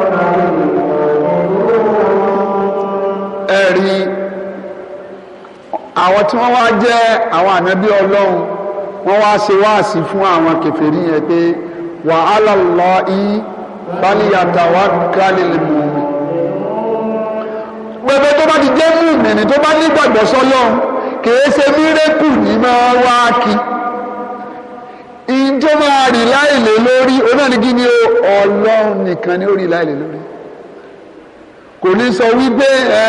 ẹ̀rí àwọn tí wọ́n wá jẹ́ àwọn ànábí ọlọ́run wọ́n wá ṣe wáàsí fún àwọn kèfèrí yẹn pé wàhálà lọ́ọ́ í bá níyàtọ̀ wá kálí lè mú un pẹpẹ tó bá ti jẹ́ mùmìnì tó bá nígbàgbọ́ sọ́lọ́run kìí ṣe mírẹ́kù ní máa wá kí ìjọ máa rì láìlè lórí onáàdìgí ni ọlọ́run nìkan ni ó rì láìlè lórí kò ní sọ wípé ẹ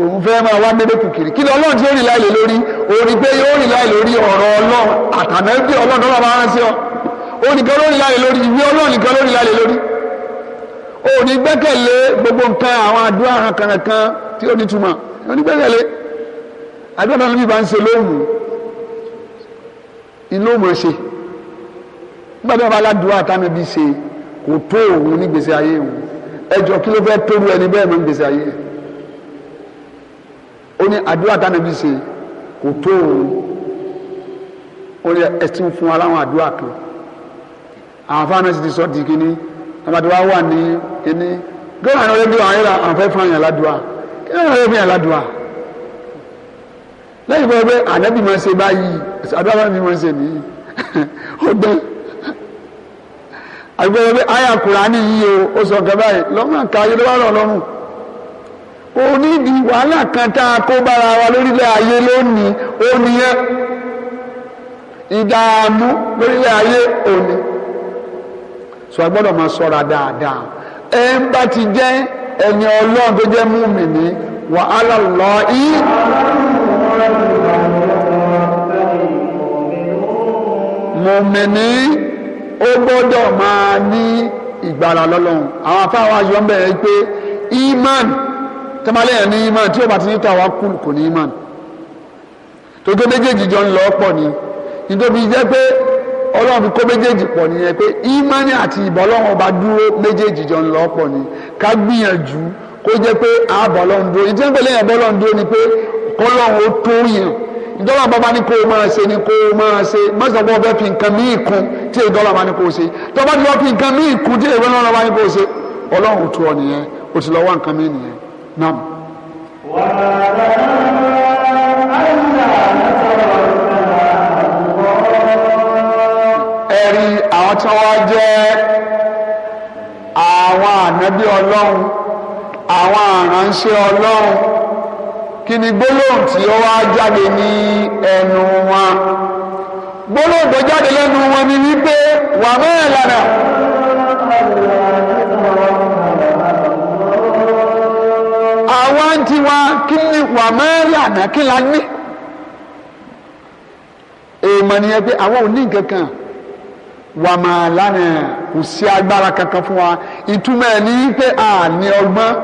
òun fẹ́ máa wá mírẹ́kù kiri kí ni ọlọ́run tí ó rì láìlè lórí orí pé yóò rì láìlè lórí ọ̀rọ̀ ọlọ́run àtàmẹ́bí ọlọ́run tó bá máa ń ṣe ọ onìkan ló rì láìlè lórí ìwé ọlọ́run nìkan ló rì láìlè lórí o ní gbẹ́kẹ̀lé gbogbo nǹkan àwọn àdúrà kankan tí ó ní túmọ̀ o ní gbẹ́kẹ̀lé àdúrà náà níbi bá ń ṣe lóhùn inú mọ̀ ṣe nígbà tí wọn bá aládùúrà táwọn ẹbí ṣe kò tó òun ní gbèsè ayé òun ẹjọ kí ló fẹ́ tóru ẹni bẹ́ẹ̀ mọ́ ní gbèsè ayé ó ní àdúrà táwọn ẹbí ṣe kò tó òun ó ní ẹtí fún wa láwọn àdúrà kan àwọn afáàná sì ti sọ di kínní tọ́mọdéwá wà ní kíní gómìnà àwọn olóògbé àwọn ayélujára àwọn fẹ́ fún àyàn ládùá kí ló ń rẹ́ fún àyàn ládùá lẹ́yìn fún ẹgbẹ́ ànábì máa ń ṣe báyìí àdúrà máa ń fi máa ń ṣe nìyí *laughs* ó gbẹ́ àgbẹ̀ ẹgbẹ́ àyà Kùránì yìí o ó sọ nǹkan báyìí lọ́mọ nǹka ayé ló bá rọ̀ lọ́rùn o níbi wàhálà kan tá a kó bára wa lórílẹ̀ ayé lónìí ó nìyẹn ìdààmú lórílẹ̀ ayé òní sọ gbọ́dọ̀ máa ṣọ́ra dáadáa ẹ ń bá ti jẹ́ ẹni ọlọ́run tó jẹ́ mùmínì wa ala Allahi. mùmínì ó gbọ́dọ̀ máa ní ìgbàlà lọ́lọ́run àwọn afáwọn ayọ̀ ń bẹ̀rẹ̀ pé iman tẹ́málẹ́yìn ní iman tí ó bá ti ní tawakkul kò ní iman tó tó méjèèjì jọ ń lọ pọ̀ ni nítorí jẹ́ pé ọlọ́run fi kó méjèèjì pọ̀ nìyẹn pé ìmánì àti ọba dúró méjèèjì jọ ń lọ pọ̀ ni ká gbìyànjú kó jẹ́ pé àbọ̀ ọlọ́run dúró ìdí nípa lẹ́yìn àbọ̀ dúró ni pé kọ́lọ́run ó tó yàn ìdọ́là bàbá kó o máa ṣe ni kó o máa ṣe fi nǹkan míì tí ìdọ́là bá kó o fi nǹkan míì tí bá kó o ọ ẹ̀rí àwọn tí wọ́n jẹ́ àwọn ànábí ọlọ́run àwọn àránṣẹ́ ọlọ́run kí ni gbólóhùn tí ó wá jáde ní ẹnu wọn gbólóhùn tó jáde lẹ́nu wọn ni wípé wà mẹ́rin lára. àwa tiwa kí ni wà mẹ́rin àná kí la ní. èèmọ̀ nìyẹn pé àwọn ò ní nǹkan kan wà máa lánàá kò sí agbára kankan fún wa ìtumọ̀ ẹ̀ ní pé a ní ọgbọ́n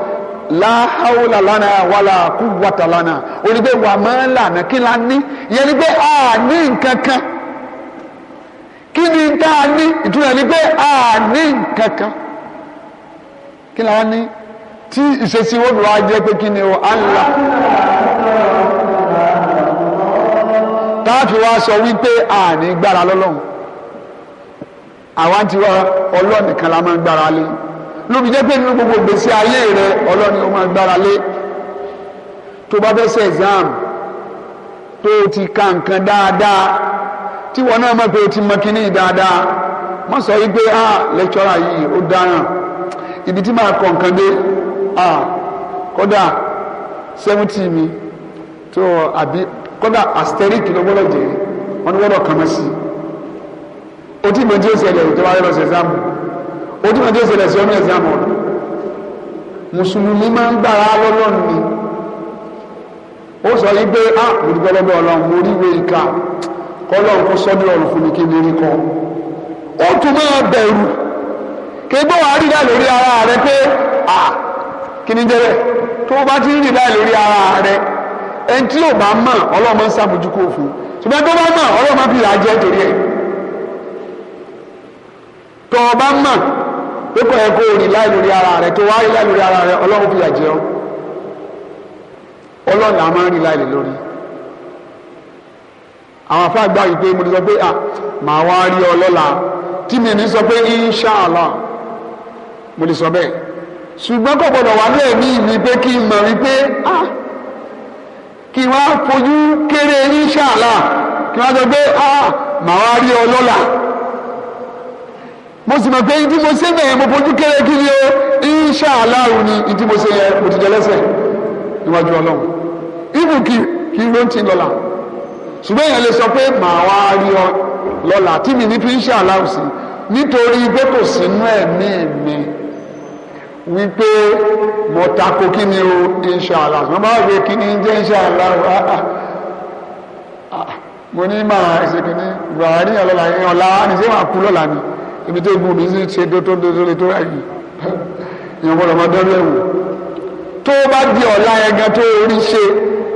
láhàólà lánàá wàlà kú wàtà lánàá ó ní pé wà kí la ní ìyẹn ni pé a ní nǹkan kan kí ni tá a ní ìtumọ̀ ẹ̀ ni pé a ní nǹkan kí la ní tí ìṣesí wọn lọ jẹ pé kí ni o Allah táàfin wa sọ wípé a ní gbára lọ́lọ́run àwa ti wá ọlọ́ọ̀nì kan la máa ń gbára lé lóbi jẹ́ pé nínú gbogbo gbèsè ayé rẹ ọlọ́ọ̀nì ó máa ń gbára lé tó bá fẹ́ ṣe exam tó o ti ka nǹkan dáadáa tí wọn náà mọ̀ pé o ti mọ kínní dáadáa wọ́n sọ wípé ah lecturer yìí ó dáràn ibi tí màá kọ̀ nǹkan dé ah kódà seventy mi tó àbí kódà asteric ló gbọ́dọ̀ jẹ́ wọ́n ní gbọ́dọ̀ kàn mọ́ sí i o ti mọ̀ tí ó ṣẹlẹ̀ o tó wáyé lọ sí ẹ̀sìlámù o ti mọ̀ tí ó ṣẹlẹ̀ sí ọmọ ẹ̀sìlámù ọ̀dọ́ mùsùlùmí máa ń gbára lọ́lọ́run ni ó sọ yí pé a ah, mo dúpẹ́ lọ́dọ̀ ọlọ́run mo rí ìwé ìka kọ́lọ́run kó sọ́dọ̀ ọ̀run fún mi kí n lè rí kọ́ ó tún máa bẹ̀rù kégbọ́ wa rí dá lórí ara rẹ pé a ah, kí ni jẹ́rẹ̀ tó bá ti rí dá lórí ara rẹ ẹni tí yóò bá mọ̀ ọlọ́run máa ń sàbójúkò fún ṣùgbọ́n tó bá mọ̀ ọlọ́run máa ń fi ìlà jẹ́ torí ẹ̀ tọ́ ọ bá mọ̀ pé kò yẹ kó o rí láì lórí ara rẹ tó wá rí láì lórí ara rẹ ọlọ́run fìyà jẹ ọ́ ọlọ́run àá máa ń rí láì lórí àwọn afáàgbà yìí pé mo ti sọ pé à màá wá rí ọ tí mi ní sọ pé inṣàlá mo lè sọ bẹ́ẹ̀ ṣùgbọ́n kò gbọdọ̀ wà ní ẹ̀mí mi pé kí n mọ̀ wípé à kí wọ́n á fojú kéré inṣàlá kí wọ́n á sọ pé à màá wá rí ọ mo sì mọ̀ pé ìdí mo ṣe bẹ̀yẹn mo fojú kéré kí ni o insha Allah ni ìdí mo ṣe yẹn mo ti jẹ lẹ́sẹ̀ níwájú ọlọ́run ibù kì kì ló ń ti lọ́la ṣùgbọ́n èèyàn lè sọ pé màá wá rí ọ lọ́la tí mi ní fi insha Allah sí nítorí pé kò sínú ẹ̀mí mi wípé mo tako kí ni o insha Allah mo máa wé kí ni jẹ́ insha Allah ah, ah, ah. mo ní màá ṣe kí ni buhari ọlọ́la yẹn ọ̀la ni ṣé wàá kú lọ́la ni ibi tó egun obìnrin ṣe tó tó tó lè tó rà yìí ìyẹn gbọ́dọ̀ máa dán lẹ́wù tó bá di ọ̀la ẹ̀gàn tó orí ṣe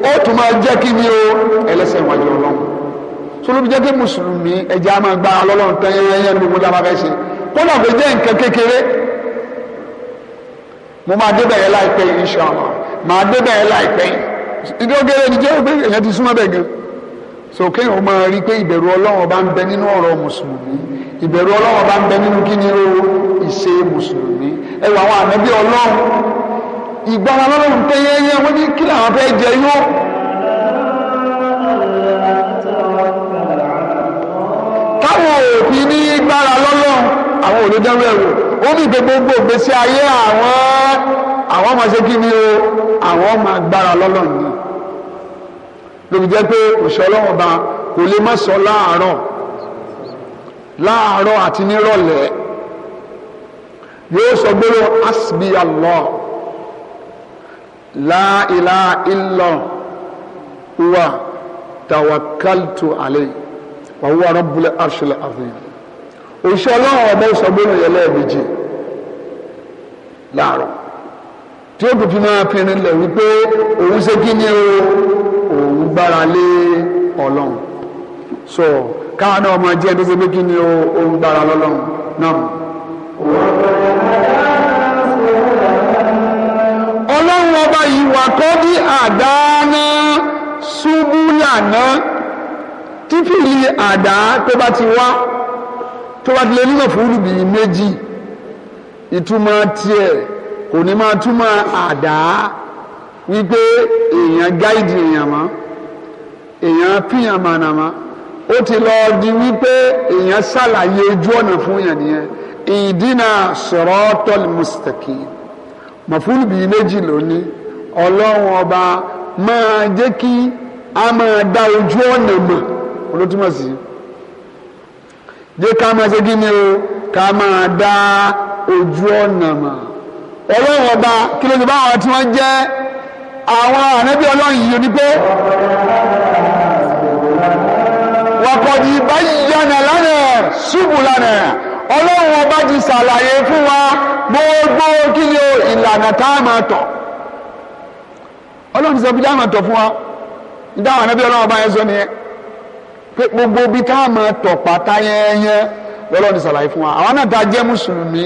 ó tún máa jẹ́ kí ni o ẹlẹ́sẹ̀ wájú ọlọ́run sọlọ́bí jẹ́ kí mùsùlùmí ẹja máa gba ọlọ́run tán yẹ́yẹ́ ní gbogbo abáfẹ́ ṣe kọ́nà kò jẹ́ nǹkan kékeré mo máa débẹ̀ yẹn láìpẹ́ yìí inshallah máa débẹ̀ yẹn láìpẹ́ yìí ìdókèrè ni jẹ́ pé èèyàn ti súnmọ́ bẹ̀ gan so kéèyàn máa rí pé ìbẹ̀rù ọlọ́run ọba ń bẹ nínú ọ̀rọ̀ mùsùlùmí ìbẹ̀rù ọlọ́run bá ń bẹ nínú kí ni o ìṣe mùsùlùmí ẹ wà àwọn ànábì ọlọ́run ìgbára ọlọ́run pé yẹ́yẹ́ wọ́n ní kí làwọn fẹ́ jẹ yó. táwọn òfin ní gbára lọ́lọ́run àwọn olùdẹ́rù ẹ̀rù ó ní ìpè gbogbo ìgbésí ayé àwọn àwọn máa ṣe kí ni o àwọn máa gbára lọ́lọ́run ni lóbi jẹ́ pé òṣèlú ọlọ́run ọba kò lè má sọ láàárọ̀ láàárọ̀ àti nírọ̀lẹ́ yóò sọ gbólóhùn asbi allah la ilaha illa huwa tawakkaltu alayhi wa huwa rabbul arshil azim òṣìṣẹ́ ọlọ́run ọba sọ gbólóhùn yẹn lẹ́ẹ̀mejì láàárọ̀ tí ó dùdú máa pinrin lẹ̀ wípé òun ṣe kí ni o òun gbára lé ọlọ́run so káwọn náà máa jẹ́ tó ṣe kí ni ohun gbára lọ́lọ́run náà. ọlọ́run ọba yìí wà kọ́ bí àdáná ṣubú lànà tífìlì àdá tó bá ti wá tó bá ti lè nílò fún olùbí méjì ìtumọ̀ tiẹ̀ kò ní máa túmọ̀ àdá wípé èèyàn gáìdì èèyàn mọ́ èèyàn píyàn mànàmọ́ ó ti lọ di wípé èèyàn ṣàlàyé ojú ọ̀nà fún yàn nìyẹn ìdínà siratal mustaqim mọ̀fúlù bíi méjì lónìí ọlọ́run ọba máa jẹ́ kí a máa dá ojú ọ̀nà mọ̀ olótúmọ̀ sí jẹ́ ká máa ṣe kí ni o ká máa dá ojú ọ̀nà mọ̀ ọlọ́run ọba kí ló ti bá àwọn tí wọ́n jẹ́ àwọn ànábì ọlọ́run yìí ni pé wàkọ̀dì bá yànà lánàá ṣubú lánàá ọlọ́run ọba ti ṣàlàyé fún wa gbogbo kí ni o ìlànà tá a máa tọ̀ ọlọ́run ti sọ fún dáhùn àtọ̀ fún wa dáhùn ànábí ọlọ́run ọba yẹn sọ nìyẹn pé gbogbo bí tá a máa tọ̀ pátá yẹn yẹn lọ́lọ́run ti ṣàlàyé fún wa àwọn náà tá jẹ́ mùsùlùmí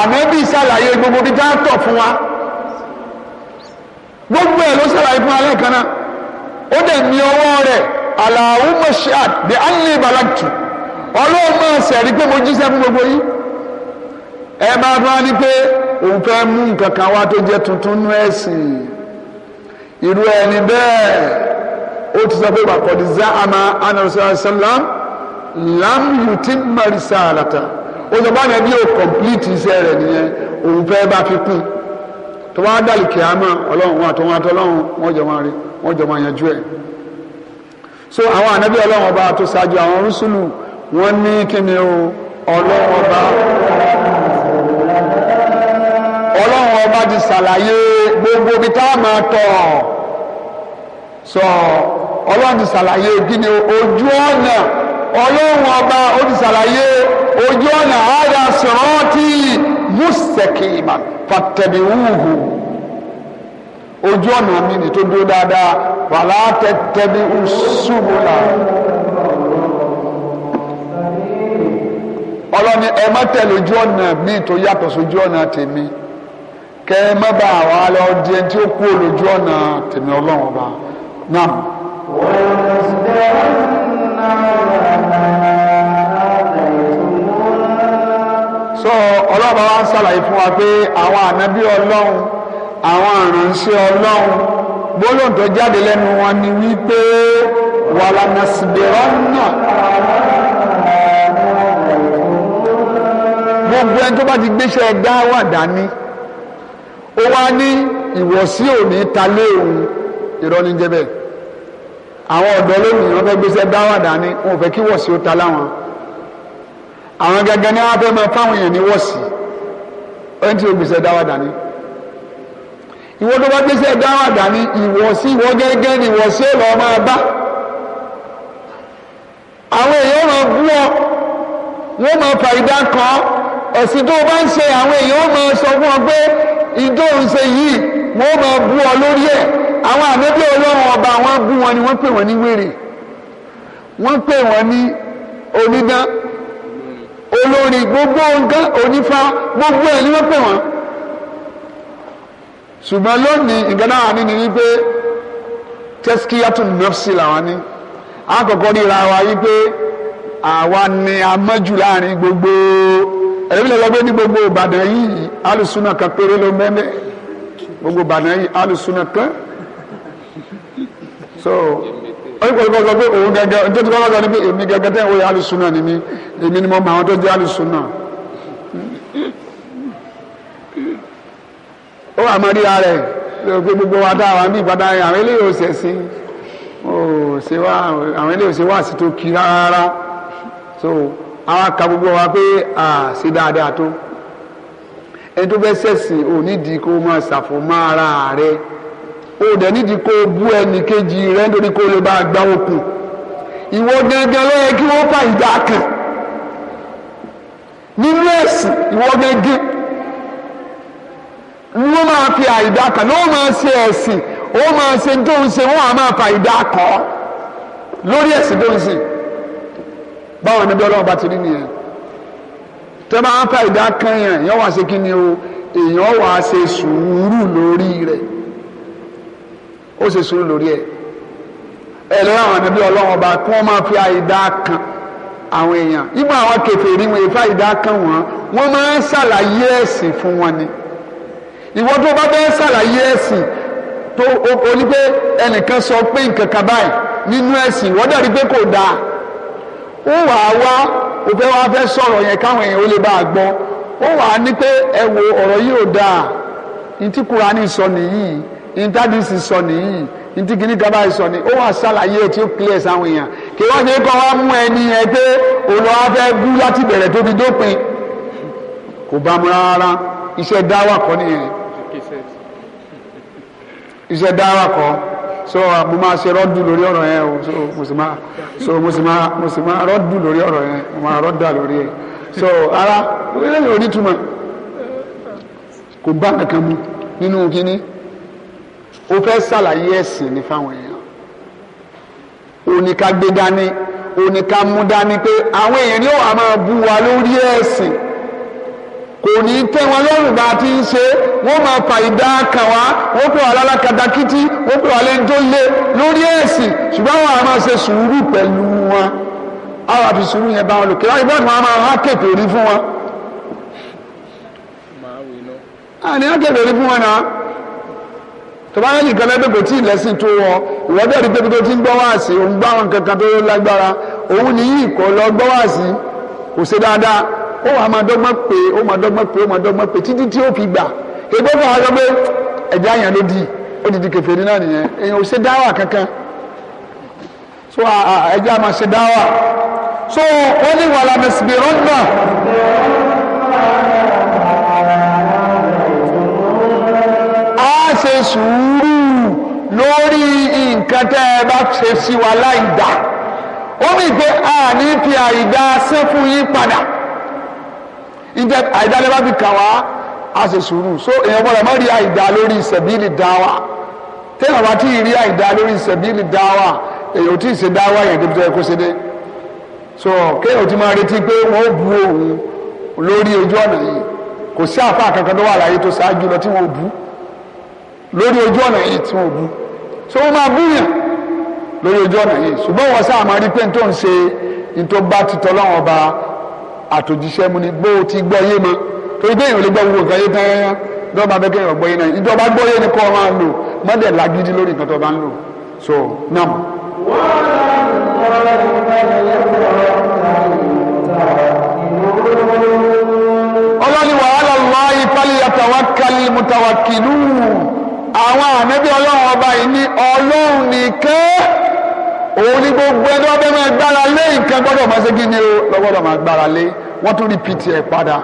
ànábì ṣàlàyé gbogbo bí tá tọ̀ fún wa gbogbo ẹ̀ ló ṣàlàyé fún wa lẹ́ẹ̀kan náà ó dẹ̀ ní ọwọ́ rẹ̀ Allahumma shahid bí anni balagtu ọlọ́run máa sẹ̀rí pé mo jíṣẹ́ fún gbogbo yín ẹ bá tún á ní pé òun fẹ́ mú nǹkan kan wá tó jẹ́ tuntun nú ẹ̀sìn irú ẹni bẹ́ẹ̀ ó ti sọ pé wàkọ̀dí záàmà anàlùsọ̀rọ̀sọ̀lám lam yutimma risalata ó sọ báyìí ẹbí ò kọ̀m̀plìtì iṣẹ́ rẹ̀ nìyẹn òun fẹ́ bá fi kún tó bá dàlù kìámà ọlọ́run wọn àtọ́wọn àtọ́lọ́run wọn jọ máa rí wọn jọ máa yanjú ẹ̀ so àwọn ànábì ọlọ́run ọba tó ṣáájú àwọn rúṣùlù wọ́n ní kí ni o ọlọ́run ọba ọlọ́run ọba ti ṣàlàyé gbogbo ibi tá a máa tọ̀ sọ ọlọ́run ti ṣàlàyé kí ni ojú ọ̀nà ọlọ́run ọba ó ti ṣàlàyé ojú ọ̀nà àádá sọ̀rọ̀ tí mùsẹ̀kì ìmà fàtẹ̀bíwúhù ojú ọ̀nà mi ni tó dúró dáadáa wàhálà tẹ́tẹ́bí ṣùgbọ́nà. ọlọ́ni ẹ má tẹ̀lé ojú ọ̀nà mi tó yàtọ̀ sójú ọ̀nà tèmi kẹ́ ẹ má bá àwa lọ di ẹni tí ó kú olójú ọ̀nà tèmi ọlọ́run ọba náà. so ọlọ́run wa ń ṣàlàyé fún wa pé àwọn ànábí ọlọ́run àwọn àránṣẹ́ ọlọ́run gbólóhùn tó jáde lẹ́nu wọn ni wípé wàlànàṣìbẹ̀rọ̀nà gbogbo ẹni tó bá ti gbéṣẹ́ ẹgbẹ́ wà dání ó wá ní ìwọ̀sí òní ta lé òun irọ́ ní jẹ́bẹ̀ àwọn ọ̀dọ́ lónìí wọn fẹ́ gbéṣẹ́ ẹgbẹ́ wà dání wọn ò fẹ́ kí wọ̀sí ó ta láwọn àwọn gẹ́gẹ́ ní wọn fẹ́ máa fáwọn èèyàn ní wọ̀sí ẹni tí ó gbéṣẹ́ ẹgbẹ́ dání ìwọ tó bá gbèsè dáwà dání ìwọ̀sí ìwọ gẹ́gẹ́ ni ìwọ̀sí ò lọ́ọ́ máa bá àwọn èèyàn máa bú ọ wọ́n máa fà ìdá kan ẹ̀sìn tó o bá ń ṣe àwọn èèyàn máa sọ fún ọ pé ìjọ òun ṣe yìí wọ́n máa bú ọ lórí ẹ̀ àwọn àmẹ́bí ọlọ́run ọba wọn bú wọn ni wọ́n pè wọ́n ní wèrè wọ́n pè wọ́n ní onídán olórí gbogbo nǹkan onífá gbogbo ẹ̀ ni wọ́n pè wọ́n ṣùgbọ́n lónìí nǹkan náà ní ni wípé tẹ́síkíyàtún nọ́ọ̀sì làwọn ní àkọ́kọ́ ríra wa wípé àwa ni a mọ́jú láàrin gbogbo ẹ̀rí lọ́gbẹ́ ní gbogbo ìbàdàn yìí alùsùnà kan péré ló mẹ́mẹ́ gbogbo ìbàdàn yìí alùsùnà kan so onípòlùpọ̀ sọ pé òun gẹ́gẹ́ tó ti kọ́kọ́ sọ ni pé èmi gẹ́gẹ́ tẹ́ ń alùsùnà ni mi èmi ni mo mọ àwọn tó jẹ́ alùsùnà. ó wà mọ́ ríra rẹ̀ pé gbogbo wa dá àwọn bí ìpadà yẹn àwọn eléyìí ò sẹ̀sìn àwọn eléyìí ò ṣe wá sí tó kí rárá so àwọn aka gbogbo wa pé à ṣe dáadáa tó ẹni tó fẹ́ sẹ̀sìn ò nídìí kó máa ṣàfọ̀mọ́ ara rẹ̀ o dẹ̀ nídìí kó o bú ẹnì kejì rẹ̀ nítorí kó o lè bá a gbá okùn ìwọ gẹ́gẹ́ ló yẹ kí wọ́n fà ìdá kan nínú ẹ̀sìn ìwọ gẹ́gẹ́ wọ́n máa fi àìdá kan ní wọ́n máa ṣe ẹ̀sìn wọ́n máa ṣe tó ń ṣe wọ́n á máa fa àìdá kọ́ lórí ẹ̀sìn tó ń ṣe báwọn ẹni ọlọ́run bá ti rí nìyẹn tẹ́ máa fa àìdá kan yẹn èèyàn wá ṣe kí ni o èèyàn wá ṣe sùúrù lórí rẹ̀ ó ṣe sùúrù lórí ẹ̀ ẹ̀ lọ́wọ́ àwọn ẹni bí ọlọ́run ọba kí wọ́n máa fi àìdá kan àwọn èèyàn ibà àwọn kèfèrí wọn ìfà àìdá kan wọn wọ́n máa ń ṣàlàyé ẹ̀sìn fún wọn ni ìwọ tó bá fẹ́ ṣàlàyé ẹ̀sìn tó o ní pé ẹnìkan sọ pé nǹkan kan báyìí nínú ẹ̀sìn ìwọ dàrí pé kò dáa ó wà á wá o fẹ́ wá fẹ́ sọ̀rọ̀ yẹn káwọn èèyàn ó lè bá a gbọ́ ó wà á ní pé ẹ wo ọ̀rọ̀ yìí ò dáa ntí Kùránì sọ nìyí ntádìsì sọ nìyí ntí kìíní gaba sọ ni ó wà ṣàlàyé tí ó clear sáwọn èèyàn kí wọ́n fi kọ́ wá mú ẹni yẹn pé olùwà fẹ́ gún láti bẹ̀rẹ̀ tóbi dópin kò bá mu rárá iṣẹ́ dáwà kọ́ nìyẹn iṣẹ́ dáwà kọ́ so mo máa ṣe rọ́dù lórí ọ̀rọ̀ yẹn o so mo sì máa so mo sì máa mo sì máa rọ́dù lórí ọ̀rọ̀ yẹn mo máa rọ́dà lórí ẹ̀ so ara eléyìí onítùmọ̀ kò bá kankan mu nínú kínní o fẹ́ ṣàlàyé ẹ̀sìn ní fáwọn èèyàn òní ká gbé dání òní dání pé àwọn èèyàn yóò máa bú wa lórí ẹ̀sìn kò ní tẹ́ wọn lọ́rùn bá a ti ń ṣe wọ́n máa fa ìdá kan wá wọ́n pè wá lálákatakítí wọ́n pè wá lẹ́jọ́ lé lórí ẹ̀sìn ṣùgbọ́n àwọn àmà ṣe sùúrù pẹ̀lú wọn àwọn àti sùúrù yẹn bá wọn lò kí wọ́n ìbọn máa máa hákèpè rí fún wọn. àní hákèpè rí fún wọn náà tó bá yẹn nìkan lẹ́gbẹ̀ẹ́ kò tí ì lẹ́sìn tó wọ ìwọ́dẹ̀ rí pé tó ti ń gbọ́ wáàsí òun gbá wọn kankan tó lágbára òun nìyí kò lọ gbọ́ wáàsí kò ṣe dáadáa ó wà máa dọ́gbọ́n pé ó máa dọ́gbọ́n pé ó máa dọ́gbọ́n pé títí tí ó fi gbà egbò fún àwọn ọgbẹ́ ẹ̀já yẹn ló di ó ti di kèfèrí náà nìyẹn èèyàn ò ṣe dáwà kankan so ẹ̀já máa ṣe dáwà so wọ́n ní wàhálà mẹ́sìmì rọ́nà. a ṣe sùúrù lórí nǹkan tẹ́ ẹ bá ṣe sí wa láì dá ó mì pé a ní fi àìdá sẹ́fún yín padà ìjẹ́ àìdálẹ́ bá fi a ṣe sùúrù so èèyàn gbọ́dọ̀ má rí àìdá lórí ìṣẹ̀bílì dáwà téèyàn bá tí ì rí àìdá lórí ìṣẹ̀bílì dáwà èèyàn tí ì ṣe dáwà yẹn débi tó yẹ kó ṣe dé so kéèyàn ti máa retí pé wọ́n ó bu òun lórí ojú ọ̀nà yìí kò sí àfa kankan tó wà láyé tó ṣáájú lọ tí wọ́n ó bu lórí ojú ọ̀nà yìí tí wọ́n ó bu so wọ́n máa búyàn lórí ojú ọ̀nà yìí ṣùgbọ́n wọ́n sáà máa rí pé n tó ń ba àtòjíṣẹ́ mu ni bó o ti gbọ́ yé torí pé èèyàn lè gbọ́ gbogbo nǹkan yé tán yẹn ìjọba bẹ náà ìjọba gbọ́ ni kọ́ máa lò mọ́dẹ̀ lágídí lórí nǹkan tó bá ń lò so nam. ọlọ́ni wàhálà àwọn ọlọ́run ọba yìí ní ọlọ́run nìkan. òun ni gbogbo ẹni wọn fẹ́ máa gbára lé nǹkan gbọ́dọ̀ máa ṣe gíní o lọ́gbọ́dọ̀ máa gbára lé wọ́n tún rìpìtì ẹ̀ padà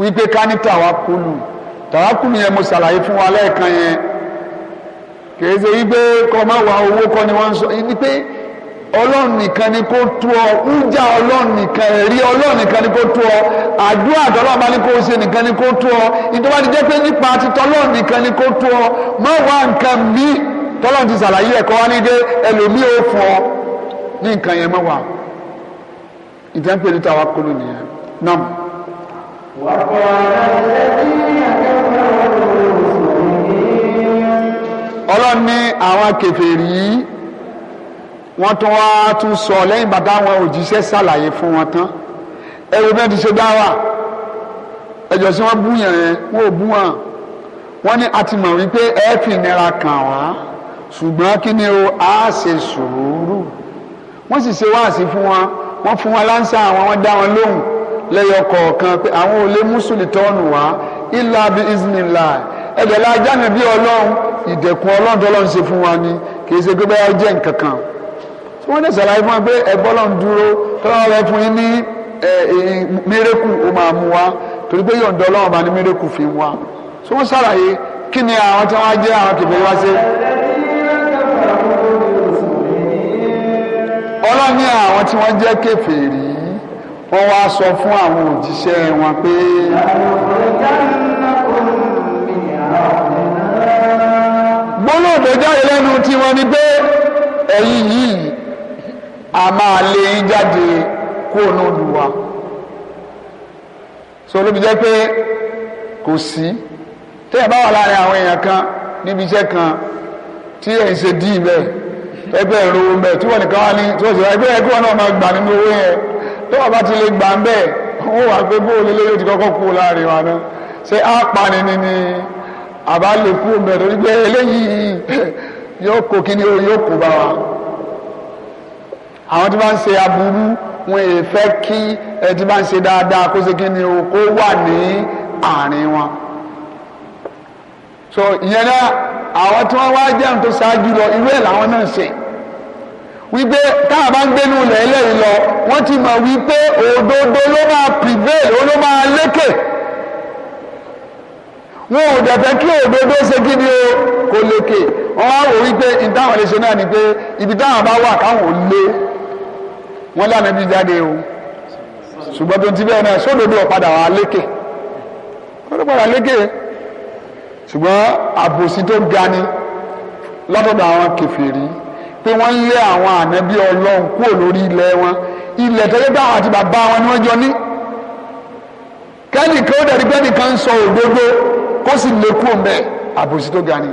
wípé ká ní tàwákùlù tàwákùlù yẹn mo ṣàlàyé fún wa lẹ́ẹ̀kan yẹn kìí ṣe wípé kọ́ máa wà owó kọ́ ni wọ́n ń sọ ni pé ọlọ́run nìkan ni kó tú ọ ńjà ọlọ́run nìkan ẹ̀rí ọlọ́run nìkan ni kó tú ọ àdúrà tọ́lọ́run bá ní kó ṣe nìkan ni kó tú ọ ìjọba ti jẹ́ pé nípa titọ́lọ́run nìkan ni kó tú ọ má wá nǹkan míì tọ́lọ́n ti ṣàlàyé ẹ̀kọ́ wá ní dé ẹlòmíì ó fún ọ ní nǹkan yẹn mọ́ wa ìtẹ́ńpẹ́ níta wa kúrò nìyẹn náà. ọlọ́run ní àwọn kèfèrí wọ́n tún wá tún sọ lẹ́yìn bàtà àwọn òjíṣẹ́ ṣàlàyé fún wọn tán ẹ̀rù bẹ́ẹ̀ ti ṣe dá wà ẹ̀jọ̀ sí wọ́n bú yẹn wọ́n ò bú wọn wọ́n ní a ti mọ̀ wípé ẹ̀ẹ́fì nira kàn wá ṣùgbọ́n kí ni o á ṣe sùúrù wọ́n sì ṣe wáàsí fún wọn wọ́n fún wọn láǹṣà àwọn wọ́n dá wọn lóhùn lẹ́yọ kọ̀ọ̀kan pé àwọn ò lè mùsùlùmí tọ́ọ̀nù wá ilà bí ismila ẹ̀dẹ̀ la jáde bí ọlọ́run ìdẹ̀kùn ọlọ́run tó lọ́n ṣe fún wa ni kì í ṣe pé báyọ̀ jẹ́ nǹkan kan tí wọ́n dẹ̀ ṣàlàyé fún wa pé ẹ̀bọ́ lọ́n dúró tọ́lọ́run rẹ fún yín ní mírèkù ó máa mú wa torí pé yọ̀ǹda ọlọ́run bá ní mírèkù fi wá tí wọ́n ṣàlàyé kí ni àwọn tí wọ́n á jẹ́ àwọn kìfẹ́ wá ṣe. ọlọ́ni àwọn tí wọ́n jẹ́ kèfèrí wọ́n wá sọ fún àwọn òjíṣẹ́ wọn pé. gbólóòdó jáde lẹ́nu tí wọ́n ní pé ẹ̀yin yìí a máa lé yín jáde kúrò ní olùwà so ló fi jẹ́ pé kò sí tẹ́yẹ̀ bá wà láàrin àwọn èèyàn kan níbi iṣẹ́ kan tí ẹ̀ ń ṣe díì bẹ́ẹ̀ ẹgbẹ́ ìrówó mbẹ́ tí wọ́n nìkan wá ní tí wọ́n sì ẹgbẹ́ ẹgbẹ́ wọn náà máa gbà nínú owó yẹn tó wọ́n bá ti lè gbà ń bẹ́ẹ̀ wọ́n wà pé bó lélẹ́ yóò ti kọ́kọ́ kú láàrin wa náà ṣé á pani ni ni àbá lè kú mbẹ́ torí pé eléyìí yóò kó kíní o yóò kó bá wa. àwọn tí wọ́n ń ṣe aburú wọn èè fẹ́ kí ẹ ti bá ń ṣe dáadáa kó ṣe kíní o kó wà ní àárín wọn so ìyẹn náà àwọn tí wọ́n wá jẹun tó ṣáájú lọ irú ẹ̀ làwọn náà ṣe wípé táà bá ń gbénu lẹ́lẹ́rìí lọ wọ́n ti mọ̀ wípé òdodo ló máa prevail ó ló máa lékè wọn ò dẹ̀fẹ́ kí òdodo ṣe kí ni o kò lékè wọ́n wá wò wípé ìdáhùn lè ṣe náà ni pé ibi táwọn bá wà káwọn ò lé wọn lánàá bí jáde o ṣùgbọ́n tó ti bẹ́ẹ̀ náà sódodo ọ̀padà wà lékè wọ́n padà lékè ṣùgbọ́n àbòsí tó ga ni látọ̀dọ̀ àwọn kèfèrí pé wọ́n ń lé àwọn ànábí ọlọ́run kúrò lórí ilẹ̀ wọn ilẹ̀ tẹ́lẹ̀ bá àwọn àti bàbá wọn ni wọ́n jọ ní. kẹ́nìkan ó dàbí kẹ́nìkan ń sọ òdodo kó sì lè kúrò mbẹ́ àbòsí tó ga ni.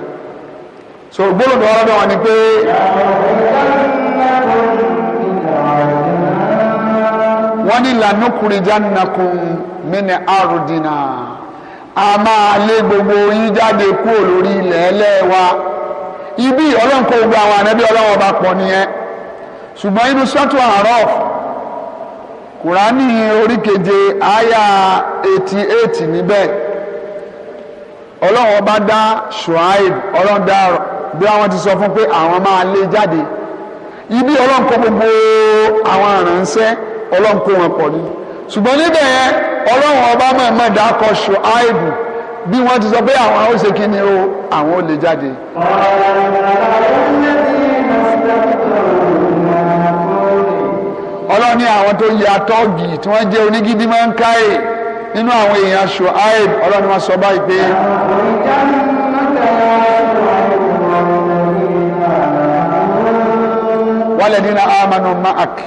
sọ gbólóńdó ọlọ́dọ̀ wọn ni pé. wọ́n ní lanukurijanakum mini arudina a máa lé gbogbo yín jáde kúrò lórí ilẹ̀ ẹlẹ́wàá ibi ọlọ́run kó gbogbo àwọn ànábì ọlọ́run ọba pọ̀ nìyẹn ṣùgbọ́n inú sọ́tò àrọ́f kùránì orí keje àyà eighty eight níbẹ̀ ọlọ́run ọba dá Shuaib ọlọ́run dá bí wọ́n ti sọ fún pé àwọn máa lé jáde ibi ọlọ́run kó gbogbo àwọn àránṣẹ́ ọlọ́run kó wọn pọ̀ ní ṣùgbọ́n níbẹ̀ yẹn ọlọ́run ọba mọ̀ọ́mọ̀ dákọ̀ Shuaib bí wọ́n ti sọ pé àwọn ó ṣe kíni o àwọn ó lè jáde. ọlọ́ni àwọn tó ya tọ́ọ̀gì tí wọ́n jẹ́ onígídí máa ń káyè nínú àwọn èèyàn ṣùháìb ọlọ́ni wọn sọ báyìí pé. wàlẹ́dínà àmànù máàkì.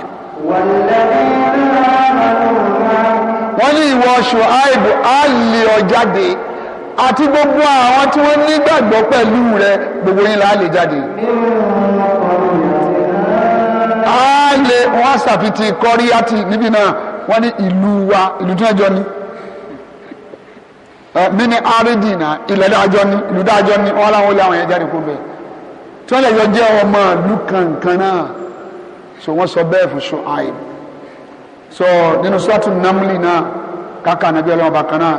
wọ́n ní ìwọ ṣùháìb á lè ọ jáde àti gbogbo àwọn tí wọ́n nígbàgbọ́ pẹ̀lú rẹ gbogbo yín láà lè jáde. a lè wọ́n ṣàfitì kọ́ríyàtì níbí náà wọ́n ní ìlú wa ìlú tí wọ́n jọ ní. mi ní àrídìnà ilẹ̀ dájọ́ ní ìlú dájọ́ ní wọ́n láwọn olè àwọn yẹn jáde kó bẹ́ẹ̀. tí wọ́n lè yọ jẹ́ ọmọ ìlú kankan náà so wọ́n sọ bẹ́ẹ̀ fún Ṣuaib. so nínú sọ́ọ̀tún Namli náà káka nàbí ọlọ́mọba kan náà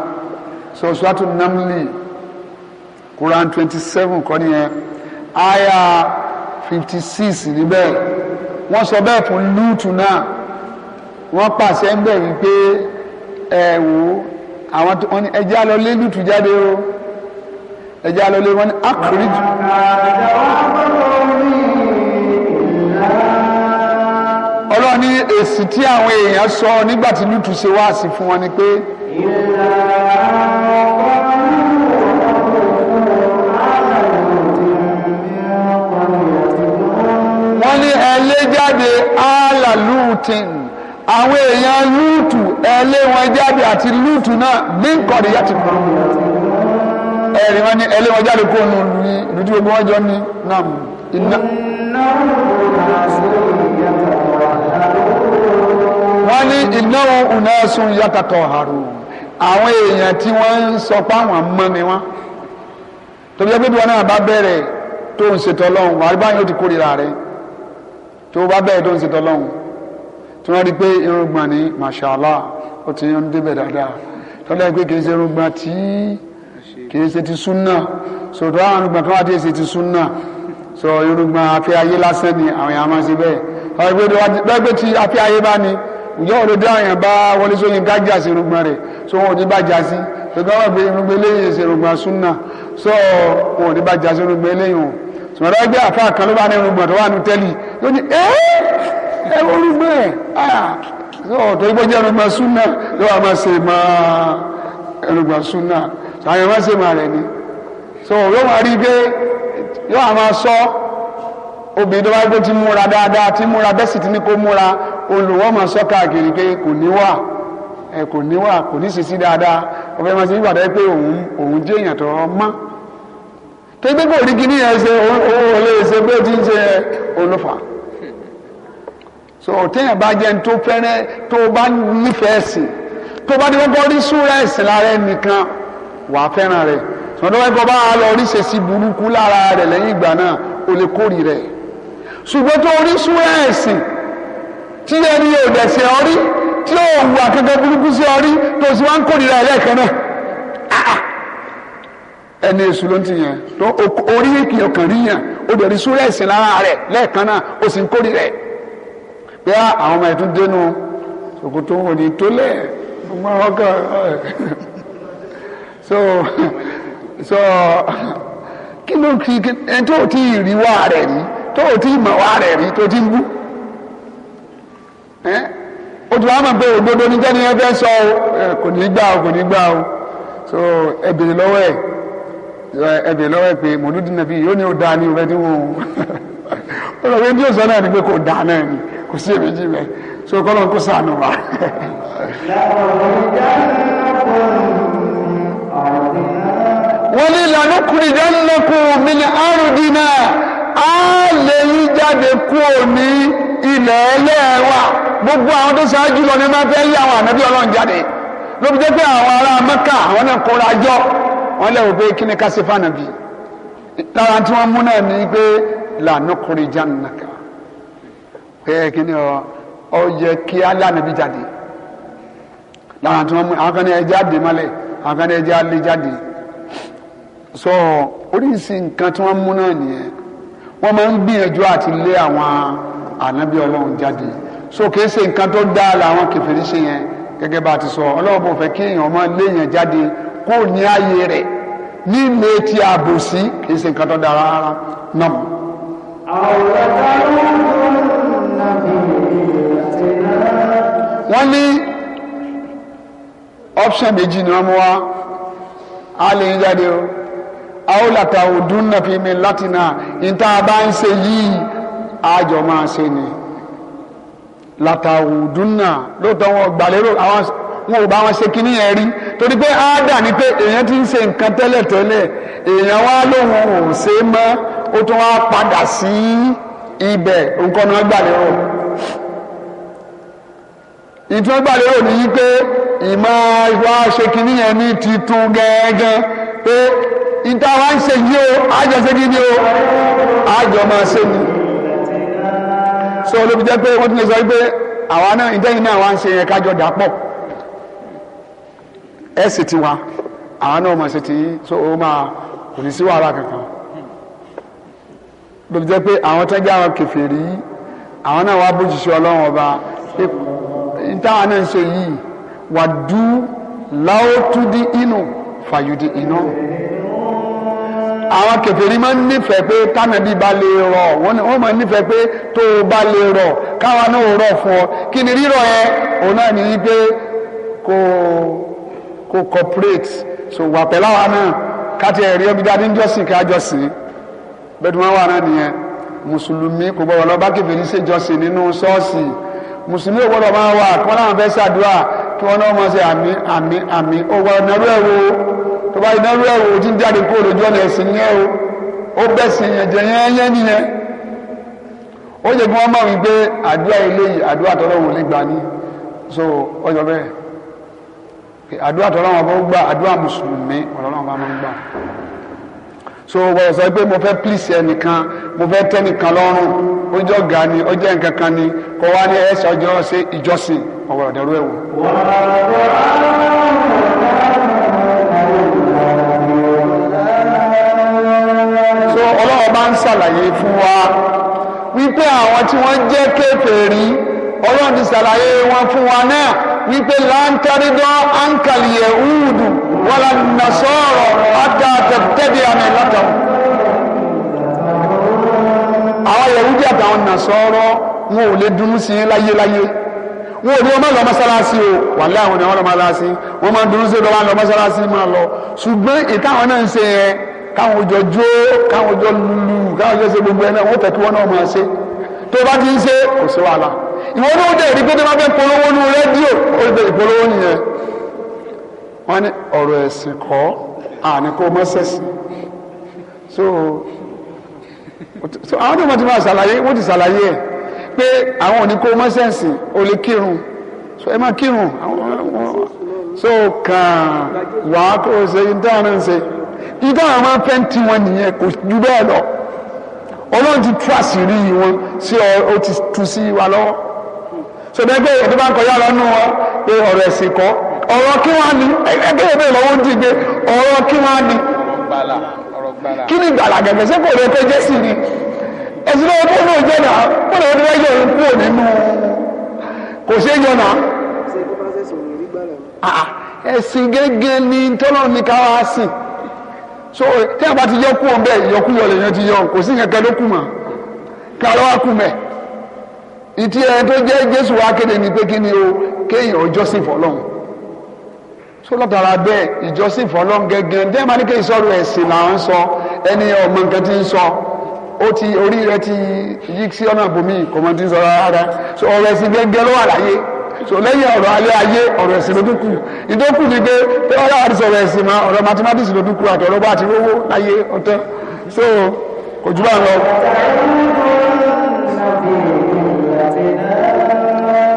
so suratu namli quran twenty seven kọ́ nìyẹn aya fifty six níbẹ̀ wọ́n sọ bẹ́ẹ̀ fún lúùtù náà wọ́n pàṣẹ ń bẹ̀ wípé ẹ wò àwọn tó wọ́n ní ẹjẹ́ àlọ́ lé lúùtù jáde o ẹjẹ́ àlọ́ lé wọ́n ní akérèjì. ọlọ́ni èsì tí àwọn èèyàn sọ nígbà tí lúùtù ṣe wáàsí fún wọn ni pé. jáde áàlà lúùtìn àwọn èèyàn lúùtù ẹlé wọn jáde àti lúùtù náà bí nkọ̀dé yá ti kúrò ẹ̀rí wọn ni ẹlé wọn jáde kó nu ní ìlú tí gbogbo ní nam iná. wọ́n ní ìnáwó unasun yàtàtọ̀ àrùn àwọn èèyàn tí wọ́n ń sọ páwọn mọ́ ni wọ́n tóbi ẹgbẹ́ bí wọn náà bá bẹ̀rẹ̀ tó ń ṣètò ọlọ́run wàá ti kórìíra rẹ̀ tó bá bẹ́ẹ̀ tó ń ṣe tọ́lọ́hún tí wọ́n rí i pé irùngbọ̀n ní mashallah ó ti ń débẹ̀ dáadáa tọ́lá yìí pé kì í ṣe irùngbọ̀n tí kì í ṣe ti súnà sòtò àwọn irùngbọ̀n kan wà tí kì í ṣe ti súnà sọ irùngbọ̀n afẹ́ ayé lásán ni àwọn èèyàn máa ṣe bẹ́ẹ̀ àwọn ìgbé lọ́gbẹ́ tí afẹ́ ayé bá ní ìjọ òde dá àwọn èèyàn bá wọlé sóyún gájà sí irùngbọ̀n rẹ̀ so wọn ò ní bá sí sọgbọ́n wọn fi eléyìí ṣe irùngbọ̀n súnà so wọn ò ní bá sí irùngbọ̀n eléyìí tòmọdé gbé àfa kan ló bá ní irùngbọ̀n tó wà ní tẹ́lì yóò ní ẹ ẹ orúgbọ̀n ẹ tó ibò jẹ́ irùngbọ̀n súnà ló wà máa ṣe máa irùngbọ̀n súnà àyàn máa ṣe máa rẹ̀ ni so yóò máa rí i pé yóò máa sọ obìnrin tó bá gbé ti múra dáadáa ti múra bẹ́ẹ̀ sì ti ní kó múra olùwọ́ máa sọ káàkiri pé kò ní wà kò ní wà kò ní sísí dáadáa ọ̀fẹ́ máa ṣe nígbà tó pé òun òun jẹ́ èèyàn tó tó gbé kò rí kíní yẹn ṣe owó lè ṣe bí ó ti ń ṣe olùfà so téèyàn bá jẹun tó fẹ́rẹ́ tó bá nífẹ̀ẹ́ sí tó bá ní kọ́kọ́ rí súra ẹ̀sìn lára ẹnìkan wàá fẹ́ràn rẹ̀ sọ̀dọ̀ wẹ́n kọ́ bá a lọ rí ṣèṣì burúkú lára rẹ̀ lẹ́yìn ìgbà náà o lè kórì rẹ̀ ṣùgbọ́n tó rí súra ẹ̀sìn tí ẹni yóò dẹ̀ ọ rí tí yóò wù akẹ́kẹ́ burúkú sí ọ rí tó sì wá ń kórìíra ẹ̀ lẹ́ẹ̀kan náà ah, ah ẹni èṣù ló ń ti yàn tó orí kì í ọkàn ríyàn obìnrin súrẹ́ ìsìn lára rẹ̀ lẹ́ẹ̀kan náà ó sì ń kórè rẹ̀ pé àwọn ọmọ ẹ̀tún dénú ṣòkòtò wọn ni tó lẹ̀ gbogbo ọgọ́ so so kí ló kí ẹni tó ti rí wá rẹ̀ rí tó ti mọ̀ wá rẹ̀ rí tó ti ń bú ó ti wá mọ̀ pé òdodo ní jẹ́ni ẹ fẹ́ sọ ọ́ kò ní gbà ó kò ní gbà ó so ẹ bèrè lọ́wọ́ ẹ̀ ẹbí lọ́wọ́ ẹ pé mòlúdì nàbí yóò ní o dáa ní ìrẹ́dí wo ó lọ pé ní òsán náà ni pé kò dáa náà ni kò sí èmi jí bẹ́ẹ̀ so kọ́lọ́n kó sànù wa. wọ́n ní ìlànà kùn ìdánilẹ́kù mi ní àrùndínà á lè yí jáde kúrò ní ilẹ̀ ẹlẹ́wà gbogbo àwọn tó ṣáájú lọ ní máa fẹ́ yí àwọn ànábí ọlọ́run jáde ló fi jẹ́ pé àwọn ará Mẹ́kà àwọn náà kóra jọ wọ́n lẹ́wọ̀ pé kí ni ká ṣe fànàbí tára tí wọ́n mú náà ní pé lànà kùnrin pé kí ni ọ yẹ kí á lànàbí jáde lára tí wọ́n mú àwọn kan ní ẹja dè mọ́lẹ̀ àwọn kan ní ẹja lé jáde sọ oríṣi nǹkan tí wọ́n mú náà nìyẹn wọ́n máa ń gbìyànjú àti lé àwọn ànábì ọlọ́run jáde so kì í ṣe nǹkan tó dáa làwọn kẹfìrí ṣe yẹn gẹ́gẹ́ bá a ti sọ ọlọ́run bò fẹ́ kí èèyàn máa lé èèyàn jáde kó ní ààyè rẹ̀ ní ilé tí a bò sí kì í ṣe nǹkan tó dára rárá náà. wọ́n ní option méjì ni wọ́n mú wá a lè ń jáde o àwòlàtà ọdún náà fi mi láti náà níta bá ń ṣe yìí àjọ máa ṣe ni làtà ọdún náà lóòótọ́ wọn gbàlérò àwọn wọn ò bá wọn ṣe kínní yẹn rí torí pé áádà ni pé èèyàn ti ń ṣe nǹkan tẹ́lẹ̀tẹ́lẹ̀ èèyàn wá lóhun ò ṣe mọ́ ó tún wá padà sí ibẹ̀ nǹkan náà gbà lérò ìtún gbà lérò ní wípé ìmọ̀ ìwà ṣe kínní yẹn ní titun gẹ́gẹ́ pé ìta wa ń ṣe yí o àjọ ṣe kí ni o àjọ máa ṣe ni so olóbi jẹ́ pé wọ́n ti lè sọ wípé àwa náà ìtẹ́yìn náà wá ń ṣe yẹn kájọ dà pọ̀ ẹ sì ti wa àwọn náà máa ṣe ti so ó máa kò ní sí wàhálà kankan lóbi jẹ́ pé àwọn tó jẹ́ àwọn kèfèrí àwọn náà wá bójúṣe ọlọ́run ọba pé táwọn náà ń ṣe yìí wà dú láótúndí inú fàyòdì iná àwọn kèfèrí máa ń nífẹ̀ẹ́ pé tánàbí bá lè rọ̀ wọ́n máa ń nífẹ̀ẹ́ pé tó o bá lè rọ̀ káwa náà rọ̀ fún ọ kí ni rírọ̀ ẹ òun náà ní pé kò kó corporate so wà pẹ̀lú àwa náà káti ẹ̀rí ọbí dáadé ń jọ́sìn ká jọ́sìn bẹ́ẹ̀ tí wọ́n wà náà nìyẹn mùsùlùmí kò gbọ́dọ̀ lọ bá kèfèrí ṣe jọ́sìn nínú ṣọ́ọ̀ṣì mùsùlùmí ò gbọ́dọ̀ máa wà kí wọ́n náà fẹ́ ṣàdúrà kí wọ́n náà mọ̀ ṣe àmì àmì àmì ó gbọ́dọ̀ nẹ́rú tó bá nẹ́rú ẹ̀ tí ń jáde kó lójú ọ̀nà ẹ̀sìn yẹn o ó bẹ̀sìn yẹn jẹ yẹn yẹn nìyẹn ó yẹ kí wọ́n mọ̀ wípé àdúrà eléyìí àdúrà tọ́lọ́wọ́ lè gbà so ọjọ́ bẹ́ẹ̀ àdúrà tọ́lọ́wọ́n bá gbà àdúrà mùsùlùmí ọlọ́wọ́n bá ń gbà so wọ́n sọ pé mo fẹ́ pílìsì ẹnìkan mo fẹ́ tẹ́nìkan lọ́rùn ó jọ ga ni ó nǹkan kan ni kò wá ní ẹ̀ṣẹ̀ ọjọ́ ṣe ìjọsìn ọ̀wọ̀ ọ̀dẹ̀rú ẹ̀wọ̀. so ọlọ́wọ́ bá ń ṣàlàyé fún wa wípé àwọn tí wọ́n jẹ́ kèfèrí ọlọ́run ti ṣàlàyé wọn fún wa náà wípé láńkárídọ́ áńkàlì yẹ̀húdù wọ́lá nàṣọ́rọ̀ àtà tẹ̀tẹ̀dẹ̀ àmì látàwọn. àwọn yẹ̀húdù àtàwọn nàṣọ́rọ̀ wọn ò lè dùnnú sí i láyéláyé wọn ò ní ọmọ lọ mọ́sálásí o wà lé àwọn ènìyàn lọ mọ́sálásí wọn máa ń dùnnú sí i lọ wọn lọ mọ́sálásí máa lọ ṣùgbọ́n ìtàwọn náà ń ṣe yẹn káwọn òjò jó káwọn òjò lulu káwọn òjò ṣe gbogbo ẹ náà wọn tẹ̀ kí wọn náà máa ṣe tó bá ti ń ṣe kò sí wàhálà ìwọ ní ó dẹ̀ rí pé tó bá fẹ́ polówó ní rédíò ó lè polówó nìyẹn wọ́n ní ọ̀rọ̀ ẹ̀sìn kọ́ àní kó mọ́ sẹ́sìn so àwọn tó mọ̀ ti máa ṣàlàyé wọ́n ti ṣàlàyé ẹ̀ pé àwọn òní kó mọ́ sẹ́sìn ó lè kírun so ẹ máa kírun so kàn wàá kó o ṣe ìdáhùn náà ṣe ìdáhùn máa fẹ́ ń tiwọn nìyẹn kò ju bẹ́ẹ̀ lọ ọlọ́run ti tú àṣírí wọn sí ọ ó ti tú sí wa lọ́wọ́ sọdẹ́gbẹ́ èèyàn tó bá ń kọjá lọ nú wọn pé ọ̀rọ̀ ẹ̀sìn kọ́ ọ̀rọ̀ kí wọ́n á ní ẹgbẹ́ ìwé ìlọ́wọ́ ń dìde ọ̀rọ̀ kí wọ́n á ní. kí ni gbàlà gẹ̀gẹ̀ sí kò lè pé jésì ni ẹ̀sìn lọ́wọ́ tó lóò jẹ́ náà ó lè rí ẹjọ́ òun kúrò nínú kò sí ẹjọ́ náà. Ah, ah. ẹ̀sìn gẹ́gẹ́ ni tọ́lọ́ ní ká wá sìn so tí a bá ti yọ kú ọ̀ bẹ́ẹ̀ yọkú yọ lè yan ti yọ kò sí ìyẹn kẹ́ mọ́ kí a lọ́wọ́ kù mẹ́ẹ̀ ìtí ẹ tó jẹ́ jésù wá ni pé kí ni o kéèyàn ó jọ́sìn fọlọ́run tó látara bẹ́ẹ̀ ìjọ́sìn fọlọ́run gẹ́gẹ́ dẹ́ẹ̀ máa ní kéèyàn sọ̀rọ̀ ẹ̀sìn là ń sọ ẹni ọmọ nǹkan ti ń sọ ó ti orí rẹ ti yí sí ọ̀nà àbòmí kò mọ ti ń sọ rárá so ọ̀rọ̀ ẹ̀sìn gẹ́gẹ́ ló wà láyé so lẹ́yìn ọ̀rọ̀ alẹ́ ayé ọ̀rọ̀ ẹ̀sìn ló tún kù ìdókù ni pé pé ọ̀rọ̀ àti sọ̀rọ̀ ẹ̀sìn máa ọ̀rọ̀ mathematics ló tún kù bá ti rówó láyé ọ̀tán so kò jù bá lọ.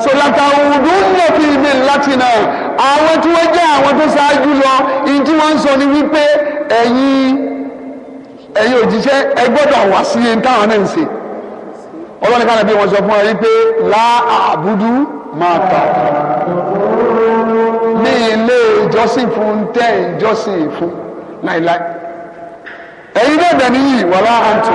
sọlátà òdùnnà fi mi láti náà àwọn tí wọ́n jẹ́ àwọn tó ṣáájú lọ ìyí tí wọ́n ń sọ ni wípé ẹ̀yin ẹ̀yin òjíṣẹ́ ẹ gbọ́dọ̀ wá sí ẹni táwọn náà ń ṣe ọlọ́ni kára bí wọ́n sọ fún ọ wípé láàbùdú máa tà ní ilé ìjọsìn fún tẹ́ ìjọsìn fún láìláì ẹ̀yin náà bẹ̀ níyì wàhálà àǹtí.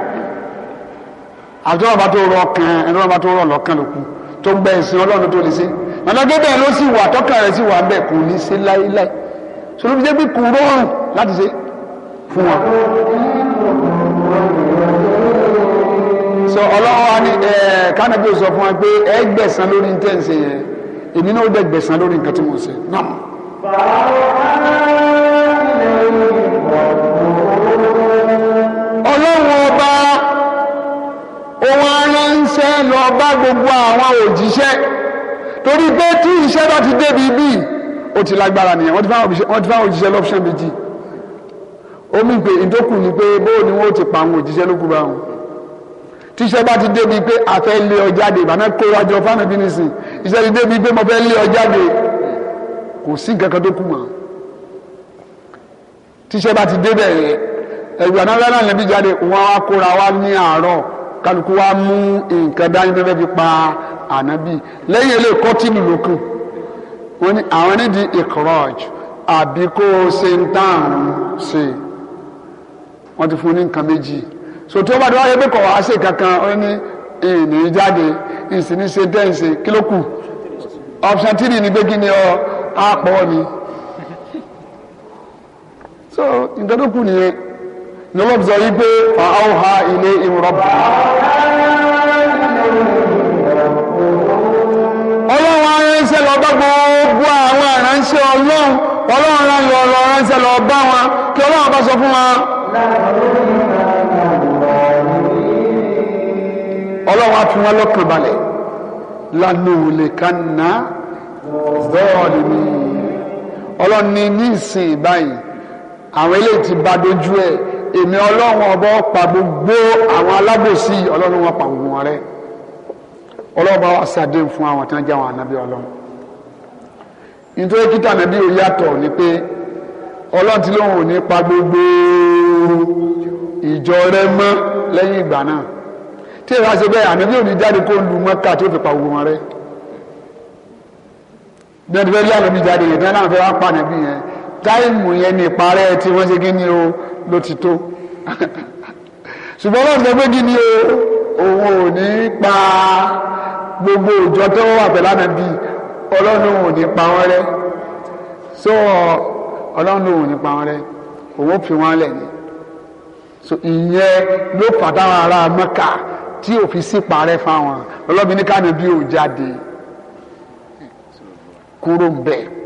àtọ́nà bá tó rọ kan ẹ̀rọ bá tó rọ lọ́kàn ló kù tó gbẹ ìsìn ọlọ́run tó lè ṣe nàdàgbé bẹ́ẹ̀ ló sì wà tọ́kàn rẹ̀ sì wà ń bẹ̀ kò ní ṣe láéláé sọlọ́ fi jẹ́ pé kò rọrùn láti ṣe fún wa. sọ ọlọ́run wa ni kánábí ò sọ fún wa pé ẹ gbẹ̀sán lórí ní tẹ̀sán yẹn èmi náà ó dẹ̀ gbẹ̀sán lórí nǹkan tí mo ṣe náà. òun aránṣẹ́ lọ bá gbogbo àwọn òjíṣẹ́ torí pé tí iṣẹ́ bá ti débi bíi ó ti lágbára nìyẹn wọ́n ti fáwọn òjíṣẹ́ lọ́pṣẹ́ méjì omi pé ìdókù ni pé bóun ni wọ́n ti pa àwọn òjíṣẹ́ lókù bá wọn tíṣẹ́ bá ti débi pé a fẹ́ lé ọ jáde ìbáná kó wájú ọ̀fà mi bí nìsín iṣẹ́ ti débi pé mo fẹ́ lé ọ jáde kò sí nǹkan kan tó kù mọ́ tíṣẹ́ bá ti débẹ̀ yẹ ẹ̀rù àná lẹ́nu àlẹ́bí jáde wọ́n á kóra wa ní àárọ̀ kálukú wa mú nǹkan dání tó fẹ́ fi pa ànábì lẹ́yìn eléyìí kọ́tìnì ló kù wọ́n ní àwọn nídìí ìkọ́rọ̀j àbí kó o ṣe ń tàn ṣe wọ́n ti fún ní nǹkan méjì so tó bá dé wáyé pé kọ̀ wá ṣe kankan ó ní ìní jáde ìsìní ṣe dẹ́ǹsì kí ló kù option three ni pé kí ni ọ á pọ̀ ni so nǹkan tó kù nìyẹn. lọ́lọ́bù sọ wípé fa awha ọlọ́run aránṣẹ́ lọ gbogbo àwọn aránṣẹ́ ọlọ́run ọlọ́run ráyọ aránṣẹ́ ọrụ wọn kí ọlọ́run bá sọ fún wọn. ọlọ́run fi wọn lọ́kàn balẹ̀ bọ́ọ̀lù mi ọlọ́run ní ní ìsìn báyìí àwọn eléyìí ti bá dojú ẹ̀. èmi ọlọ́run ọba pa gbogbo àwọn alábòsí ọlọ́run wọn pa gbogbo wọn rẹ ọlọ́run bá wà sàdéhùn fún àwọn tí wọ́n jẹ́ àwọn ànábì ọlọ́run nítorí kíta ànábì ò yàtọ̀ ni pé ọlọ́run tí lóun ò ní pa gbogbo ìjọ rẹ mọ́ lẹ́yìn ìgbà náà tí èèyàn ṣe bẹ́ẹ̀ ànábì ò ní jáde kó lu mọ́kà tí ó fi pa gbogbo wọn rẹ bí wọ́n fẹ́ lé ànábì jáde yẹn bí wọ́n náà fẹ́ wá pa ànábì yẹn táìmù yẹn ní ìparẹ́ tí wọ́n ṣe kí ni o ló ti tó ṣùgbọ́n wọ́n sọ pé kí ni o òun ò ní pa gbogbo òjọ tó wà pẹ̀lú ànábì ọlọ́run ò ní pa wọ́n rẹ́ so ọlọ́run ò ní pa wọ́n rẹ́ òun ò fi wọ́n lẹ̀ ni so ìyẹn ló pàtàkì ara mẹ́ka tí ò fi parẹ́ fáwọn ọlọ́bìnrin kánú bí ò jáde kúrò ń bẹ́ẹ̀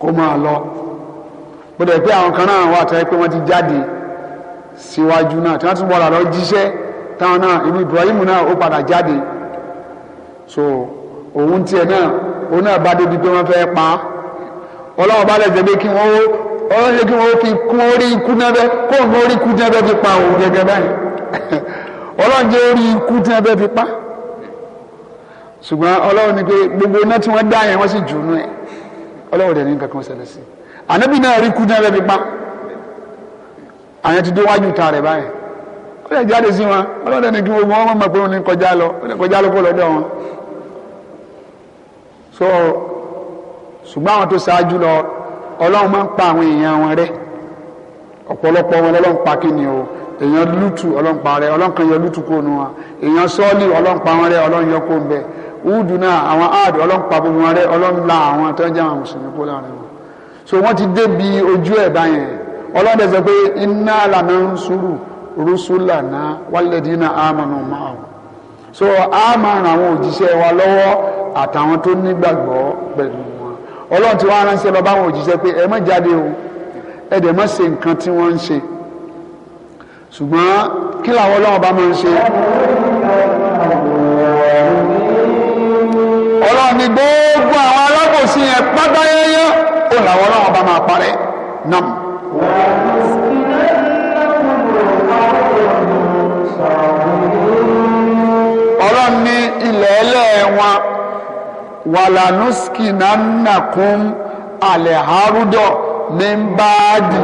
kó máa lọ gbọdọ̀ pé àwọn kan náà wà tẹ́ pé wọ́n ti jáde síwájú náà tí wọ́n tún bọ̀dà lọ jíṣẹ́ táwọn náà ibi Ibrahim náà ó padà jáde so òun tiẹ̀ náà òun náà bá débi pé wọ́n fẹ́ pa á ọlọ́wọ́ bá lẹ̀ jẹ́bi kí wọ́n ó ọlọ́wọ́ jẹ́ kí wọ́n ó fi kún orí ikú nẹ́bẹ́ kó òun orí ikú nẹ́bẹ́ fi pa òun gẹ́gẹ́ báyìí *laughs* ọlọ́wọ́ jẹ́ orí ikú nẹ́bẹ́ fi pa ṣùgbọ́n ọlọ́wọ́ ni pé gbogbo iná tí wọ́n dá yẹn wọ́n sì jù nú ẹ̀ ọlọ́wọ́ dẹ̀ ní nǹkan kan ṣẹlẹ̀ sí ànábì náà rí kúndà rẹ̀ pípa àyàn ti dé wájú ta rẹ̀ báyìí ó lè jáde sí wọn ọlọ́wọ́ ní kí gbogbo wọn mọ̀ pé ní kọjá lọ ó lè kọjá lọ kó lọ́dọ̀ wọn. so ṣùgbọ́n àwọn tó ṣáájú lọ ọlọ́run máa ń pa àwọn èèyàn wọn rẹ́ ọ̀pọ̀lọpọ̀ wọn lọ́lọ́run pa kí ni o èèyàn lútù ọlọ́run pa rẹ́ ọlọ́run kan yọ lútù kó nu wọn èèyàn sọ́ọ́lì ọlọ́run pa wọn rẹ́ ọlọ́run yọ kó ń bẹ́ẹ̀ údù náà àwọn áàdì ọlọ́pàá gbogbo wọn rẹ ọlọ́ńlá àwọn tó ń jẹ́ àwọn mùsùlùmí kó láàrin wọn so wọ́n ti débi ojú ẹ̀ báyẹn ọlọ́dẹ sọ pé inna lanansuru rusulana walladina amanu ma'ahu so a máa ràn àwọn òjíṣẹ́ wa lọ́wọ́ àtàwọn tó nígbàgbọ́ pẹ̀lú wọn ọlọ́run ti wá ránṣẹ́ lọ báwọn òjíṣẹ́ pé ẹ má jáde o ẹ dẹ̀ má ṣe nǹkan tí wọ́n ń ṣe ṣùgbọ́n kí làwọn ọlọ́run bá máa ń ṣe ọlọ́run gbogbo àwọn alábòsí yẹn pátá ó làwọn ọlọ́run bá máa parẹ́ náà. ọlọ́run ilẹ̀ ẹlẹ́ wọn wàlànúskì náà nàkún alẹ̀ harudọ̀ ní báàdì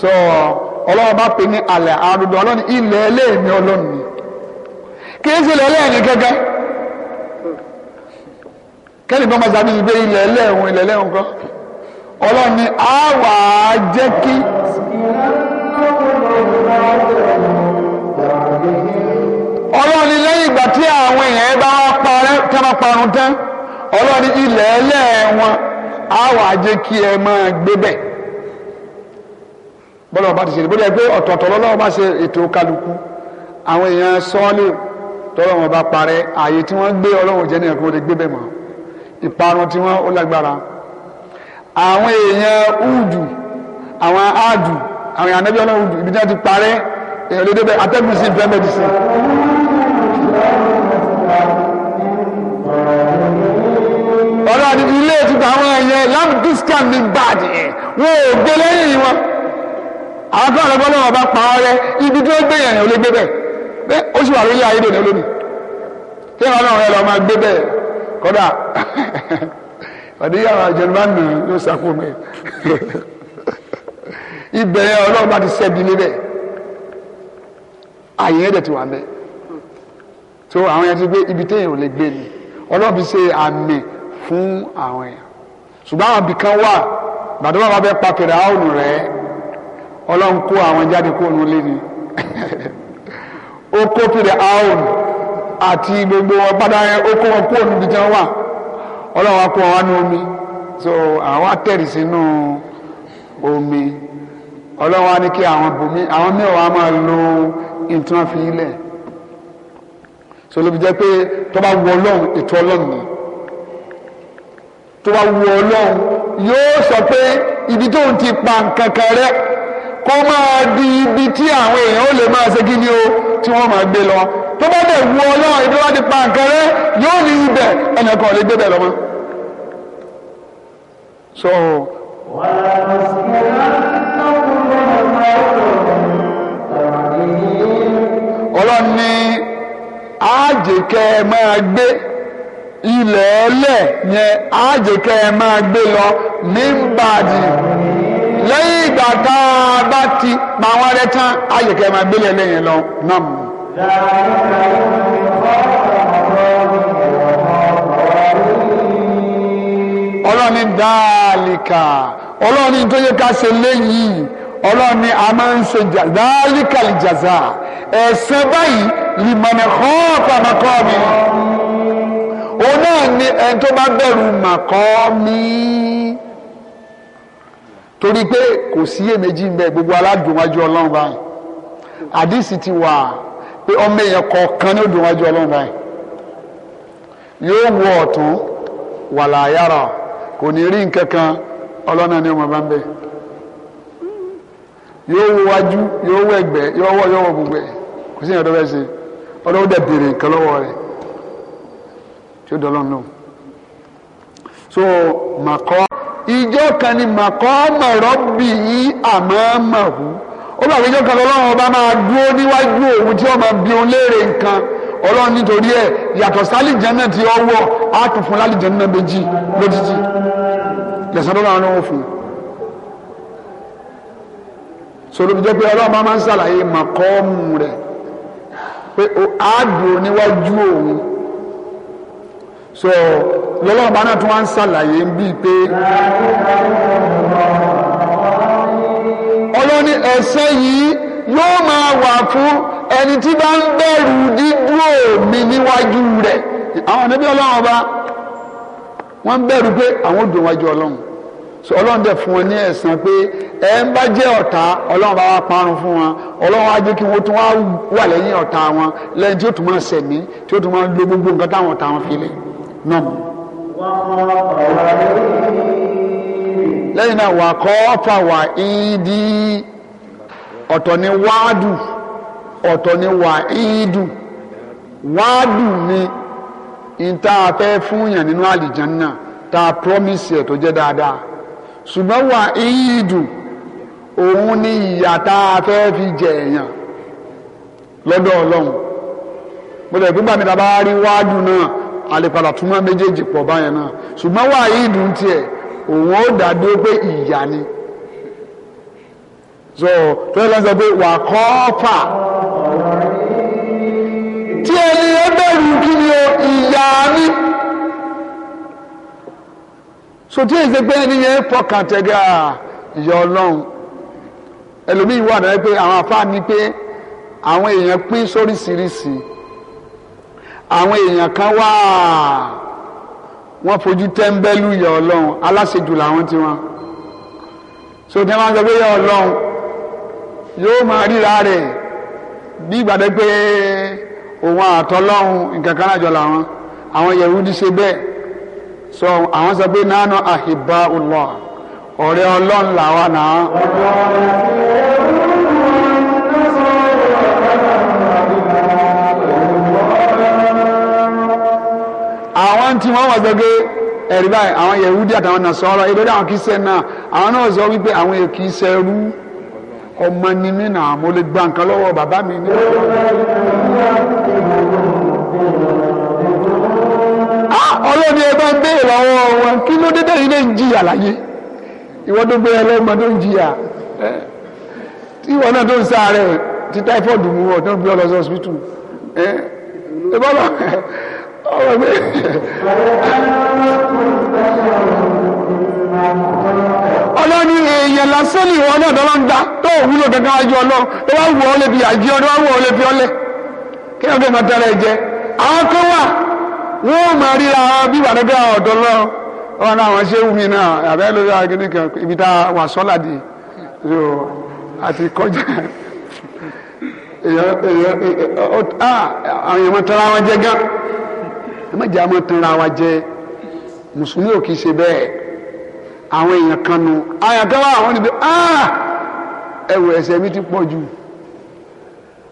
so ọlọ́run bá pè ní alẹ̀ harudọ̀ ọlọ́run ilẹ̀ ẹlẹ́ mi ọlọ́run ni kì í gẹ́gẹ́. kẹ́lì kan máa sábì gbé ilẹ̀ ẹlẹ́hùn ilẹ̀ ẹlẹ́hùn kan ọlọ́run ni a wà á jẹ́ kí. ọlọ́run ni lẹ́yìn ìgbà tí àwọn èèyàn bá parẹ́ tí wọ́n parun tán ọlọ́run ni ilẹ̀ ẹlẹ́hùn a wà á jẹ́ kí ẹ máa gbé bẹ̀ bọ́lá ọba ti ṣe ìbúdó ẹgbẹ́ ọ̀tọ̀ọ̀tọ̀ lọ́wọ́ bá ṣe ètò kálukú àwọn èèyàn sọ́ọ́lì tọ́lọ́wọ́n bá parẹ́ ààyè tí wọ́n gbé ọlọ́run jẹ́ ní ẹ̀kọ́ lè gbé bẹ̀ mọ́ ìparun tiwọn ó lágbára àwọn èèyàn údù àwọn áàdù àwọn èèyàn anábíọ́lá údù ibi tí wọ́n ti parẹ́ èèyàn ló sí bẹ́ẹ̀ mẹ́tì sí. ọ̀rọ̀ àdìdì ilé ìtura àwọn èèyàn lam discan ní báàdì yẹn wọn ò gbé lẹ́yìn wọn àwọn tó àlọ́ bọ́lá wọn bá pa ọ́ rẹ ibi tó gbé yẹn ò gbé bẹ́ẹ̀ bẹ́ẹ̀ ó sì wà lórí ayédèrè lónìí kí wọn náà rẹ lọ máa gbé bẹ́ẹ̀ kódà àdéhùn àwọn àjẹnubá nù ló sàkó mi ibẹ̀ yẹn ọlọ́run bá ti sẹ́bi níbẹ̀ àyè ẹ̀dẹ̀ ti wà mẹ́ tó àwọn yẹn ti gbé ibi téèyàn ò lè gbé ni ọlọ́run fi ṣe àmì fún àwọn èèyàn ṣùgbọ́n àwọn ibìkan wà gbàdúrà bàbá bẹ́ẹ̀ pa fèrè àwọn ònù rẹ̀ ọlọ́run kó àwọn jáde kó ònù lé ni *laughs* ó kó fèrè àwọn àti gbogbo ọ̀padà yẹn ó kó wọn kó ònù bìtẹ́ wà ọlọ́run wa kó wá ní omi so àwọn atẹ́rì sínú omi ọlọ́run wa ní kí àwọn bùnmi àwọn mẹ́wàá máa lo ìtàn fi ilẹ̀ so ló fi jẹ́ pé tó bá wù ọlọ́run ètò ọlọ́run ni tó bá wù ọlọ́run yóò sọ pé ibi tóun ti pa nǹkan kan rẹ́ kó máa di ibi tí àwọn èèyàn ó lè máa ṣe kí ni o tí wọ́n máa gbé lọ tó bá dẹ̀ wù ọlọ́run ibi wọ́n ti pa nǹkan rẹ́ yóò ní ibẹ̀ ẹnìkan ò lè gbé bẹ̀ lọ́mọ so. wàhálà ọ̀sìn náà kò lọ́wọ́ máa ń lọ́wọ́ ọlọ́run ní àjèkẹ́ máa gbé ilẹ̀ ẹlẹ̀ yẹn àjèkẹ́ máa gbé lọ ní Ìbàdí lẹ́yìn ìgbà tá a bá ti pa wọ́n rẹ́ tán àjèkẹ́ máa gbélé ẹlẹ́yìn lọ náà. ọlọ́run ní dáàlìkà ọlọ́run ní tó yẹ ká ṣe léyìí ọlọ́run ní a máa ń ṣe dáàlìkà lìjàzà ẹ̀sẹ̀ báyìí lìmọ̀nà hàn pàmọ́kọ́ mi òun náà ní ẹni tó bá bẹ̀rù màkọ́ mi torí pé kò sí èméjì ń bẹ gbogbo aládùnwájú ọlọ́run báyìí àdìsí ti wà pé ọmọ èèyàn kọ̀ọ̀kan ní òdùnwájú ọlọ́run báyìí yóò wọ ọ̀tún wàlàyàrá. kò ní rí nǹkan kan ọlọ́nà ni ọmọ bá ń yóò wo wájú yóò wo ẹ̀gbẹ́ yóò wọ yóò wọ gbogbo kò sí ìyàtọ̀ bẹ́ẹ̀ lọ́wọ́ rẹ̀ so màkọ́ ìjọ kan ni màkọ́ mọ̀rọ́ bì í àmọ́ màwú ó bàbá ìjọ ọba máa dúró níwájú òun tí wọ́n máa bí òun léèrè nǹkan. ọlọ́run nítorí ẹ̀ yàtọ̀ sálì jẹ́nà tí ó wọ̀ á tún fún lálì jẹ́nà méjì lójijì lẹ́sàn tó náà lọ́wọ́ fún un. sọlọ́bi jẹ́ pé ọlọ́run máa ń ṣàlàyé màkọ́ọ̀mù rẹ̀ pé á dùn níwájú òun so lọ́lọ́run bá náà tún wá ń ṣàlàyé ń bíi pé ọlọ́ni ẹ̀sẹ̀ yìí yóò máa wà fún ẹni tí bá ń bẹ̀rù dídúró mi níwájú rẹ̀ àwọn ànábì ọlọ́run ọba wọ́n ń bẹ̀rù pé àwọn ò dùn wájú ọlọ́run so ọlọ́run dẹ̀ fún wọn ní ẹ̀san pé ẹ ń bá jẹ́ ọ̀tá ọlọ́run bá wá parun fún wọn ọlọ́run á jẹ́ kí wọ́n tún wá wà lẹ́yìn ọ̀tá wọn lẹ́yìn tí ó tún máa sẹ̀mí tí ó tún máa lo gbogbo nǹkan táwọn ọ̀tá wọn fi lẹ̀ náà lẹ́yìn náà wà kọ́ fà wà ìdí ọ̀tọ̀ ni wáádùú ọ̀tọ̀ ni wàhídù wàádù ni ìta fẹ́ fúnyàn nínú àlìjánná ta promise ẹ̀ tó jẹ́ dáadáa ṣùgbọ́n wàhídù òun ni ìyà tá a fẹ́ fi jẹ èèyàn lọ́dọ̀ ọlọ́run mo lè gbígbà mi ta bá rí wáádù náà àlepàdà túmọ̀ méjèèjì pọ̀ báyẹn náà ṣùgbọ́n wàhídù ń tiẹ̀ òun ó dàdó pé ìyà ni so tó yẹ lọ sọ pé wà kọ́ fà tí ẹni ẹ kí ni o ìyá ni so tí èyí ṣe pé ẹni yẹn fọkàn tẹ̀gẹ́ à ìyá ọlọ́run ẹlòmíì wà náà pé àwọn afá ni pé àwọn èèyàn pín sóríṣiríṣi àwọn èèyàn kan wà wọ́n fojú tẹ́ńbẹ́lú ìyá ọlọ́run aláṣejù làwọn tiwọn so tí wọ́n sọ pé ìyá ọlọ́run yóò máa ríra rẹ̀ bí ìgbàdé pé òun àtọ́lọ́hún nǹkan kan náà jọ làwọn àwọn Yẹhudi ṣe bẹ́ẹ̀ sọ àwọn sọ pé nánà àhìbá ọlọ ọ̀rẹ́ Ọlọ́run làwa náà. àwọn tí wọ́n wà gbẹgbẹ ẹ̀rí báyìí àwọn Yẹhudi àtàwọn Nasara ìdọ́dọ̀ àwọn kìí sẹ́ náà àwọn náà sọ wípé àwọn èkì í sẹ́rú ọmọ ni mí náà mo lè gba nǹkan lọ́wọ́ bàbá mi ní. ọlọ́run ẹ bá béèrè àwọn ọ̀wọ́n kí ló dé tẹ̀yìn lè ń jìyà láyé ìwọ tó gbé ẹlẹ́gbẹ́ tó ń jìyà tí ìwọ náà tó ń sáré tí táífọ́ọ̀dù mú ọ tó ń gbé ọ lọ ẹ bá ọ̀rọ̀ mi. ọlọ́ni èèyàn lásán ni ìwọ náà lọ́wọ́ ń gbá tó wúlò kankan ajú ọlọ́ tó wá wù ọ́ lè fi àjí tó wá wù ọ́ lè ọ́lẹ̀ kí ọ̀gá ìmọ̀ wọ́n ó máa ríra bí wà níbi ọ̀dọ́ lọ wọn náà àwọn ṣé wumi náà àbẹ́ lórí akéde kan ibi tá a wà sọ́là di so àti kọjá àwọn èèyàn tara wọn jẹ gan ẹ má jẹ àwọn tara wọn jẹ mùsùlùmí ò kì í ṣe bẹ́ẹ̀ àwọn èèyàn kan nu àyàkẹ́ wà àwọn níbi ẹwù ẹ̀ṣẹ̀ mi ti pọ̀ jù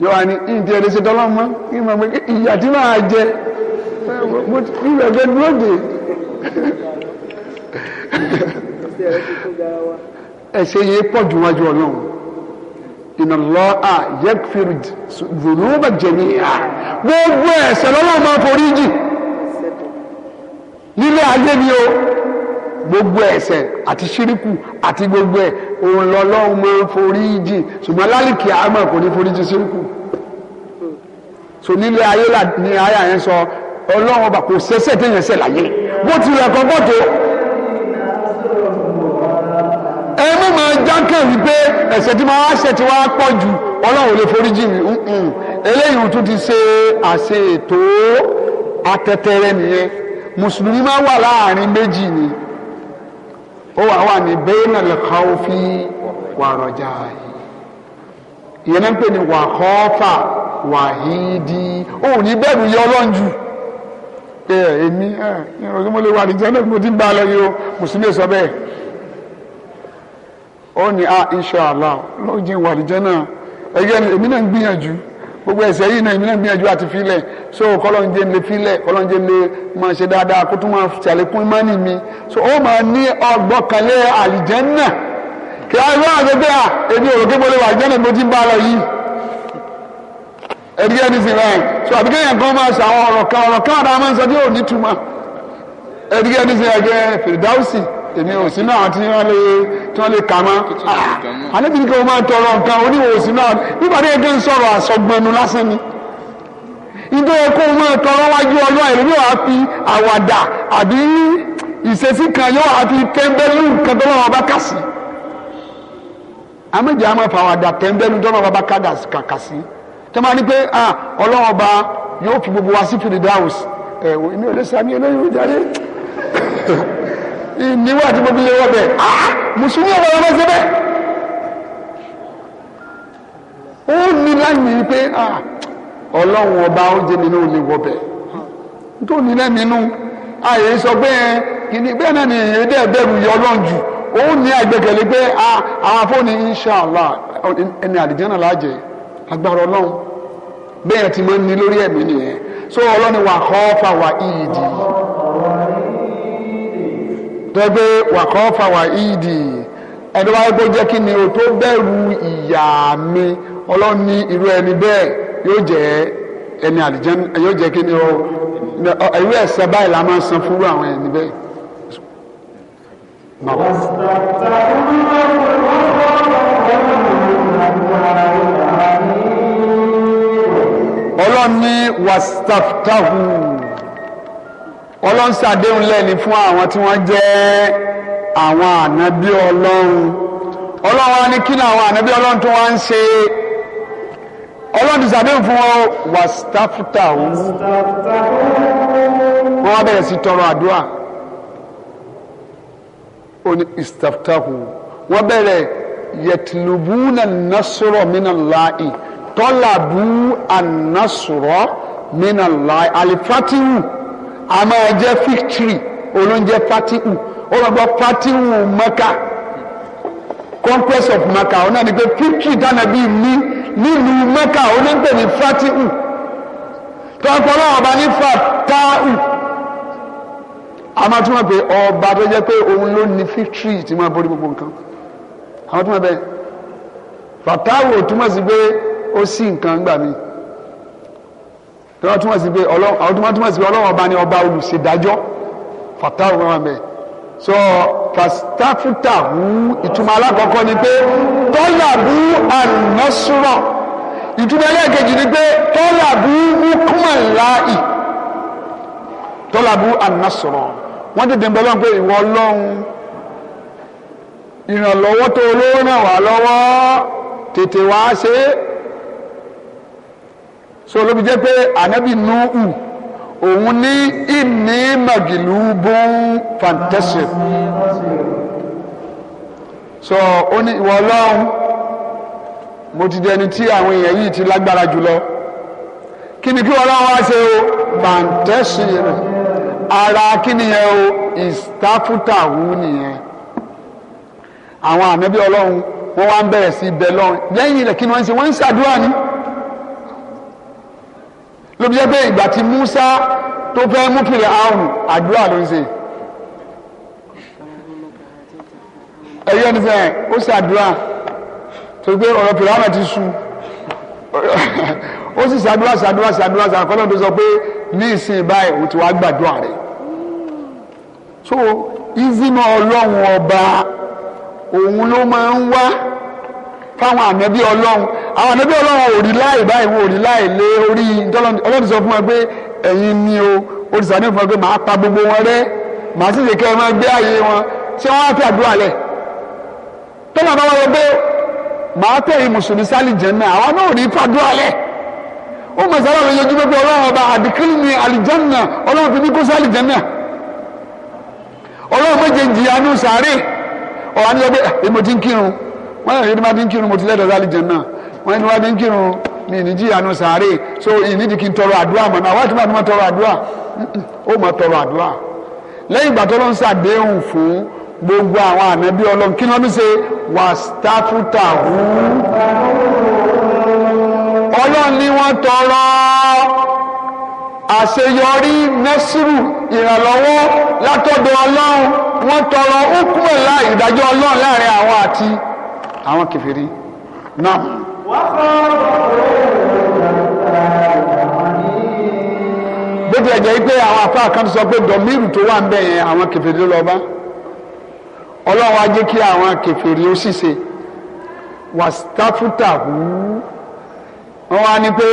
yọ wà ìdí ẹ̀rẹ́sẹ̀ tọ́lọ́mọ ìmọ̀ pé ìyà tí máa jẹ mo ti rí ẹgbẹ́ dúró dé. ẹ̀ṣẹ̀ yìí pọ̀ jù wájú ọlọ́run iná lọ à yẹkfiri zùnúbà jẹmí à gbogbo ẹ̀ṣẹ̀ lọ́wọ́ máa forí jì nílé ayé ni o gbogbo ẹ̀ṣẹ̀ àti ṣíríkù àti gbogbo ẹ òun lọ́lọ́run máa forí jì lálìkì àmọ́ kò ní forí jì ṣíríkù so nílé ayé ni àyà yẹn sọ ọlọ́run ọba kò sẹ́sẹ̀ téèyàn ṣẹ̀ láyé bó ti rẹ̀ kọ́ bọ́ tó. ẹ mú màá jákè wípé ẹ̀ṣẹ̀ tí màá ṣẹ̀ tí wàá pọ̀ jù ọlọ́run ò lè forí jì mí eléyìí tún ti ṣe àṣe ètò atẹ́tẹ́rẹ́ nìyẹn mùsùlùmí máa wà láàrin méjì ni ó wà wà ní bẹ́ẹ̀nà lẹ́kọ̀ọ́ fi wàrọ̀jà yìí ìyẹn náà ń pè ní wàhọ́fà wàhídìí ó ní bẹ́ẹ̀ ni yọ ọlọ́run jù pé eh, èmi eh, ọdúnmọ́lé wà ní jẹ́nà mo ti ń bá lọ yìí o mùsùlùmí sọ bẹ́ẹ̀ ó ní a ah, inshallah lọ́ọ́ jẹ́ wà ní jẹ́nà ẹgbẹ́ èmi náà ń gbìyànjú gbogbo ẹ̀ṣẹ̀ yìí náà èmi náà ń gbìyànjú àti filẹ̀ so kọ́lọ́njẹ́ ń lè filẹ̀ kọ́lọ́njẹ́ ń lè máa ṣe dáadáa kó tún máa ṣàlékún ìmánì mi so ó máa ní ọgbọ́kànlé àlìjẹ́nà kí á lọ́ àgbẹ̀gbẹ́ à èmi òròkè mọ́lé wà ní jẹ́nà mo ti ń bá lọ yìí ẹ̀rí ẹni sì rẹ̀ so àbíkẹ́ yẹn kan máa ṣe àwọn ọ̀rọ̀ kan ọ̀rọ̀ kan àdáwọn máa ń sọ tí ò ní túmọ̀ ẹ̀rí ẹni sì rẹ̀ jẹ́ fèrèdáùsì èmi ò sí náà tí wọ́n lè tí wọ́n lè kà mọ́ àlébìrì kan máa tọrọ nǹkan oníwò sí náà nígbà tí èké ń sọ̀rọ̀ àsọgbẹnu lásán ni ìdó ẹkọ máa tọrọ wájú ọlọ́ọ̀ ẹ̀rí wa wá fi àwàdà àbí ìṣesí kan yóò wá fi tẹ́ńbẹ́lú nǹkan tó lọ́wọ́ bá kà sí àmọ́jà máa àwàdà tẹ́ńbẹ́lú tó lọ́wọ́ bá kà sí tó máa ní pé ọlọ́run ọba yóò fi gbogbo wa sí fìdídáhùs ẹ̀wò èmi ò lè sàmì eléyìí jáde *coughs* ìníwà tí gbogbo ilé wọ bẹ́ẹ̀ mùsùlùmí ọ̀rọ̀ ọmọ ṣe bẹ́ẹ̀ ó ní láyìn pé ọlọ́run ọba ó jẹ́ nínú ilé wọ bẹ́ẹ̀ tó ní lẹ́mìínú ààyè sọ pé kìíní bẹ́ẹ̀ náà ni èyí dẹ́ bẹ̀rù yọ ọlọ́run jù ó ní àgbẹ̀kẹ̀lé pé àwọn afọ́ni inṣàlá ẹni àdìjẹ́ náà lájẹ̀ẹ́ agbára ọlọ́run bẹ́ẹ̀ ti máa ń ní lórí ẹ̀mí nìyẹn so ọlọ́ni wà kọ́ fà wà ìdì tẹ́gbẹ́ wà kọ́ fà wà ìdì ẹni wá gbọ́ jẹ́ kí ni o tó bẹ̀rù ìyá mi ọlọ́ni irú ẹni bẹ́ẹ̀ yóò jẹ́ ẹni àlìjẹ́n yóò jẹ́ kí ni o irú ẹ̀sẹ̀ báyìí la máa san fúru àwọn ẹni bẹ́ẹ̀. ọlọ́run ní wàsítáfù ọlọ́run ṣàdéhùn lẹ́ni fún àwọn tí wọ́n jẹ́ àwọn ànábí ọlọ́run ọlọ́run wa ní kí ni àwọn ànábí ọlọ́run tó wá ń ṣe ọlọ́run ti ṣàdéhùn fún wọn wàsítáfù táwọn wá bẹ̀rẹ̀ sí tọrọ àdúrà oni istaftahu wọn bẹ̀rẹ̀ yẹtìlúbùnà nasọrọ mìnà láàyè tọ́làbù ànásùrọ̀ mínàlá àlìfátìwù a máa jẹ́ fíktírì olóúnjẹ fátìwù ó máa gbọ́ fátìwù mẹ́ka conquest of mẹ́ka ọ̀nà ni pé fíktírì tánàbí ní nílùú mẹ́ka onígbè ní fátìwù tọ́kọ́ náà ọba ní fátàwù a máa túmọ̀ pé ọba tó jẹ́ pé òun ló ní fíktírì tí máa borí gbogbo nǹkan àwọn túmọ̀ bẹ́ẹ̀ fátàwù ò túmọ̀ sí pé ó sí nǹkan gbà mí ọlọ́run àwọn pé ọlọ́run ọba ni ọba olùṣèdájọ́ fatahu wọn so fastafuta hu ìtumọ̀ alákọ̀ọ́kọ́ ni pé tọ́lá bú ànásúrọ̀ ìtumọ̀ ẹlẹ́ẹ̀kejì ni pé tọ́lá bú hukumaláì tọ́lá bú ànásúrọ̀ wọ́n tètè ń bọ́ lọ́n pé ìwọ ọlọ́run ìrànlọ́wọ́ tó olówó náà wà lọ́wọ́ tètè wá ṣe é so ló fi jẹ́ pé ànábì Nuhu òun ní ìní màgìlú bún fantastic so ó ní ìwọ ọlọ́run mo ti dẹni tí àwọn èèyàn yìí ti lágbára jùlọ kí ni kí ọlọ́run wá ṣe o fantastic ara kí nìyẹn o ìstáfútà wù nìyẹn àwọn ànábì ọlọ́run wọ́n wá ń bẹ̀rẹ̀ sí bẹ̀ lọ́run lẹ́yìn kí ni wọ́n ń ṣe wọ́n ń ṣàdúrà ni tó bí jẹ́ pé ìgbà tí Musa tó fẹ́ mú fìlẹ̀ àrùn àdúrà ló ń ṣe ẹ̀yọ́ ní sẹ́yìn ó ṣe àdúrà tó gbé ọ̀rọ̀ fìlẹ̀ àrùn ti su ó sì ṣàdúrà ṣàdúrà ṣàdúrà ṣàkọ́lọ́ tó sọ pé ní ìsìn báyìí òun ti wá gbàdúrà rẹ̀ so ìzínà ọlọ́run ọba òun ló máa ń wá fáwọn ànábí ọlọ́run àwọn ànábí ọlọ́run ò rí láì báyìí wọn ò rí láì lé orí ọlọ́run sọ fún wọn pé ẹ̀yin ni o olùsàdé fún wọn pé màá pa gbogbo wọn rẹ́ màá sì lè kẹ́ ẹ máa gbé ààyè wọn tí wọ́n á fi àdúrà lẹ̀ tọ́lá bá wọn lọ pé màá tẹ̀yìn mùsùlùmí sálì jẹ́nà àwọn náà ò ní fi lẹ̀ ó mọ̀ sára lóye ojú pé ọlọ́run ọba àdìkírí àlìjẹ́nà ọlọ́run fi ní kó sálì jẹ́nà ọlọ́run méje jìyà ní sàárè ọ̀ wọ́n yàrá yìí ni wọ́n ti ń kírun mo ti lẹ́dọ̀ọ́ sálì jẹun náà wọ́n ni wọ́n ti ń kírun mi ní jíyà nù sàárè so ìnídìí kí n tọrọ àdúrà mọ̀ náà wọ́n ti máa tún máa tọrọ àdúrà ó máa tọrọ àdúrà lẹ́yìn ìgbà tó ló ń ṣàdéhùn fún gbogbo àwọn ànábí ọlọ́run kí ni wọ́n fi ṣe wàstáfútà hù ọlọ́run ni wọ́n tọrọ àṣeyọrí nẹ́sìrù ìrànlọ́wọ́ látọ̀dọ̀ ọlọ́run wọ́n tọrọ ó kúrò láì ìdájọ́ ọlọ́run láàrin àwọn àti àwọn kèfèrí náà. bó tilẹ̀ jẹ́ pé àwọn apá kan sọ pé dọ̀míìrù tó wà ń bẹ̀ yẹn àwọn kèfèrí ló lọ bá ọlọ́run á jẹ́ kí àwọn kèfèrí ó sì ṣe wàsítáfútà hù wọ́n wá ní pé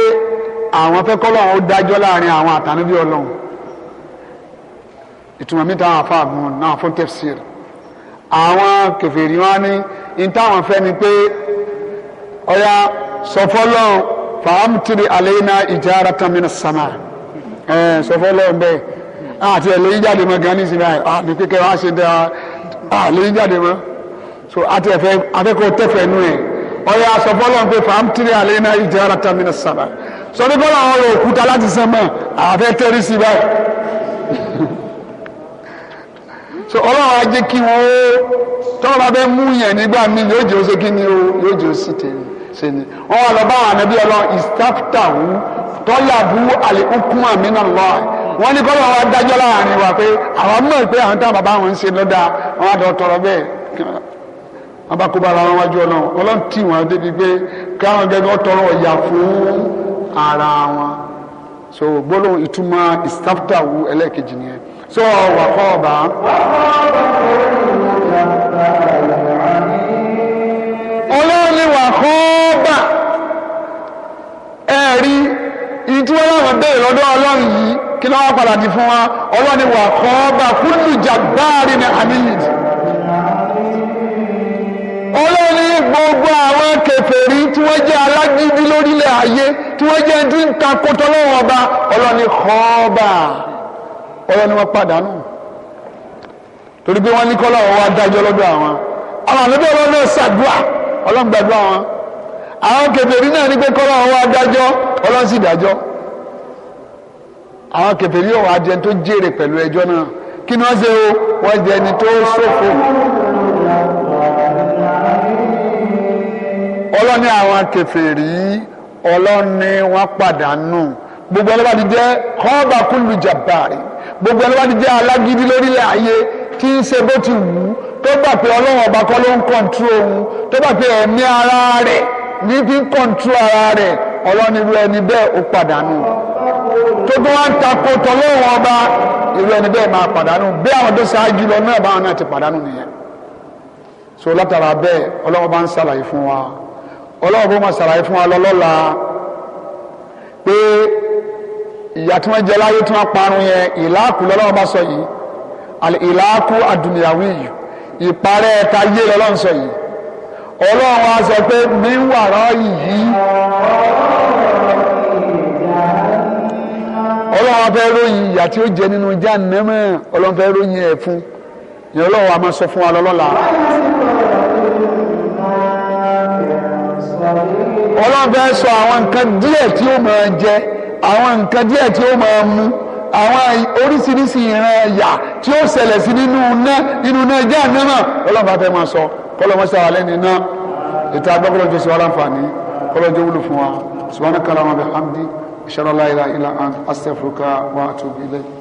àwọn fẹ́ kọ́lọ́run ó dájọ́ láàrin àwọn àtànúbí ọlọ́run ìtumọ̀ mi ta àfa àgùn náà fún tẹ̀síìrì àwọn kèfèrí wọn ní ní táwọn fẹ́ ni pé ọ̀yà sọfọ́lọ́ fàámùtìrì àlẹ́yìnà ìjára tàmínà sàmà ẹ̀ sọfọ́lọ́ bẹ́ẹ̀ àti ẹ̀lẹ́yìn jáde mọ́ gan ní ìsinmi àti pé kẹwàá ṣe dá ẹ̀lẹ́yìn jáde mọ́ so àti ẹ̀fẹ́ akẹ́kọ̀ọ́ tẹ̀fẹ̀ nú ẹ̀ ọ̀yà sọfọ́lọ́ pé fàámùtìrì àlẹ́yìnà ìjára tàmínà sàmà sọfọ́lọ́ àwọn òkúta láti sẹ́mọ̀ àfẹ́ tẹ́rí sí báyìí so ọlọ́run á jẹ́ kí wọ́n ó tọ́wọ́ bá bẹ́ẹ̀ mú yẹn nígbà míì yóò jẹ́ oṣù kínní o yóò jẹ́ oṣù tèmi ṣe ni wọ́n wà lọ bá àwọn ànábì ọlọ́run ìsítàfítàwù tọ́yàbù àlékún àmínà lọ́ wọ́n ní kọ́lọ́ wa dájọ́ láàrin wa pé àwọn mọ̀ pé àwọn táwọn bàbá wọn ń ṣe lọ́dà wọn á dọ̀ tọrọ bẹ́ẹ̀ wọn bá kó bá ara wọn wájú ọlọ́run ọlọ́run tì sọ wàkọ́ ọba. ọlọ́run ni wàkọ́ ọba ẹ̀rí ìtú ọlọ́run béèrè lọ́dọ̀ ọlọ́run yìí kí ló wá padà di fún wa ọlọ́run ni wàkọ́ ọba kúlù jàgbáàrin ní hamid. ọlọ́run ní gbogbo àwọn kèfèrí tí wọ́n jẹ́ alágídí lórílẹ̀ ayé tí wọ́n jẹ́ tí ń ta ọba ọlọ́run ni kọ́ ọba ọ̀rọ̀ ni wọ́n pàdánù torí pé wọ́n ní kọ́lọ́ wọn wá dájọ́ lọ́dọ̀ àwọn àwọn àlọ́bí ọlọ́run náà ṣàdúrà ọlọ́run gbàdúrà wọn àwọn kèfèrí náà ní pé kọ́lọ́ wọn wá dájọ́ ọlọ́run sì dájọ́ àwọn kèfèrí ọ̀hún adìẹ tó jèrè pẹ̀lú ẹjọ́ náà kí ni wọ́n ṣe o wọ́n jẹ ẹni tó ṣòfò ọlọ́ni àwọn kèfèrí ọlọ́ni wọn pàdánù gbogbo ọlọ́ba ti jẹ́ kọ́ọ̀bà kúlù jàbáyé gbogbo ẹni wá ti jẹ́ alágídí lórílẹ̀ ayé tí ń ṣe bó ti wù ú tó gbà pé ọlọ́run ọba kọ́ ló ń kọ̀ǹtú òun tó gbà pé ẹ̀mí ara rẹ̀ ní fi ń kọ̀ǹtú ara rẹ̀ ọlọ́run irú ẹni bẹ́ẹ̀ ó pàdánù tó tó wá ń takò tọ́lọ́run ọba irú ẹni bẹ́ẹ̀ máa pàdánù bí àwọn tó ṣáájú lọ náà báwọn náà ti pàdánù nìyẹn so látara bẹ́ẹ̀ ọlọ́run bá ń ṣàlàyé fún wa ọlọ́run bó máa ṣàlàyé fún wa lọ́lọ́la pé ìyà tí wọ́n jẹ láyé tí wọ́n parun yẹn ìlàkù lọ́lọ́run bá sọ yìí ìlàkù àdùnìyàwó yìí ìparẹ́ ẹ̀ka yé lọ́lọ́run sọ yìí ọlọ́run wa sọ pé mi ń wàrà yìí ọlọ́run fẹ́ ròyìn ìyà tí ó jẹ nínú jahannama ọlọ́run fẹ́ ròyìn ẹ̀ fún ìyẹn ọlọ́run wa máa sọ fún wa lọ́lọ́la. ọlọ́run fẹ́ sọ àwọn nǹkan díẹ̀ tí ó máa jẹ àwọn nǹkan díẹ̀ tí ó máa mú àwọn oríṣiríṣi ìran ẹ̀yà tí ó ṣẹlẹ̀ sí nínú iná nínú iná ẹja náà ọlọ́run bá fẹ́ máa sọ kọ́lọ́mọ́ sí àwọn lẹ́ni iná ètò agbábọ́lọ́ jọ sí wa láǹfààní kọ́lọ́jọ wúlò fún wa subhanaka allahumma wa bihamdi, ashhadu an la ilaha wa atubu ilayk.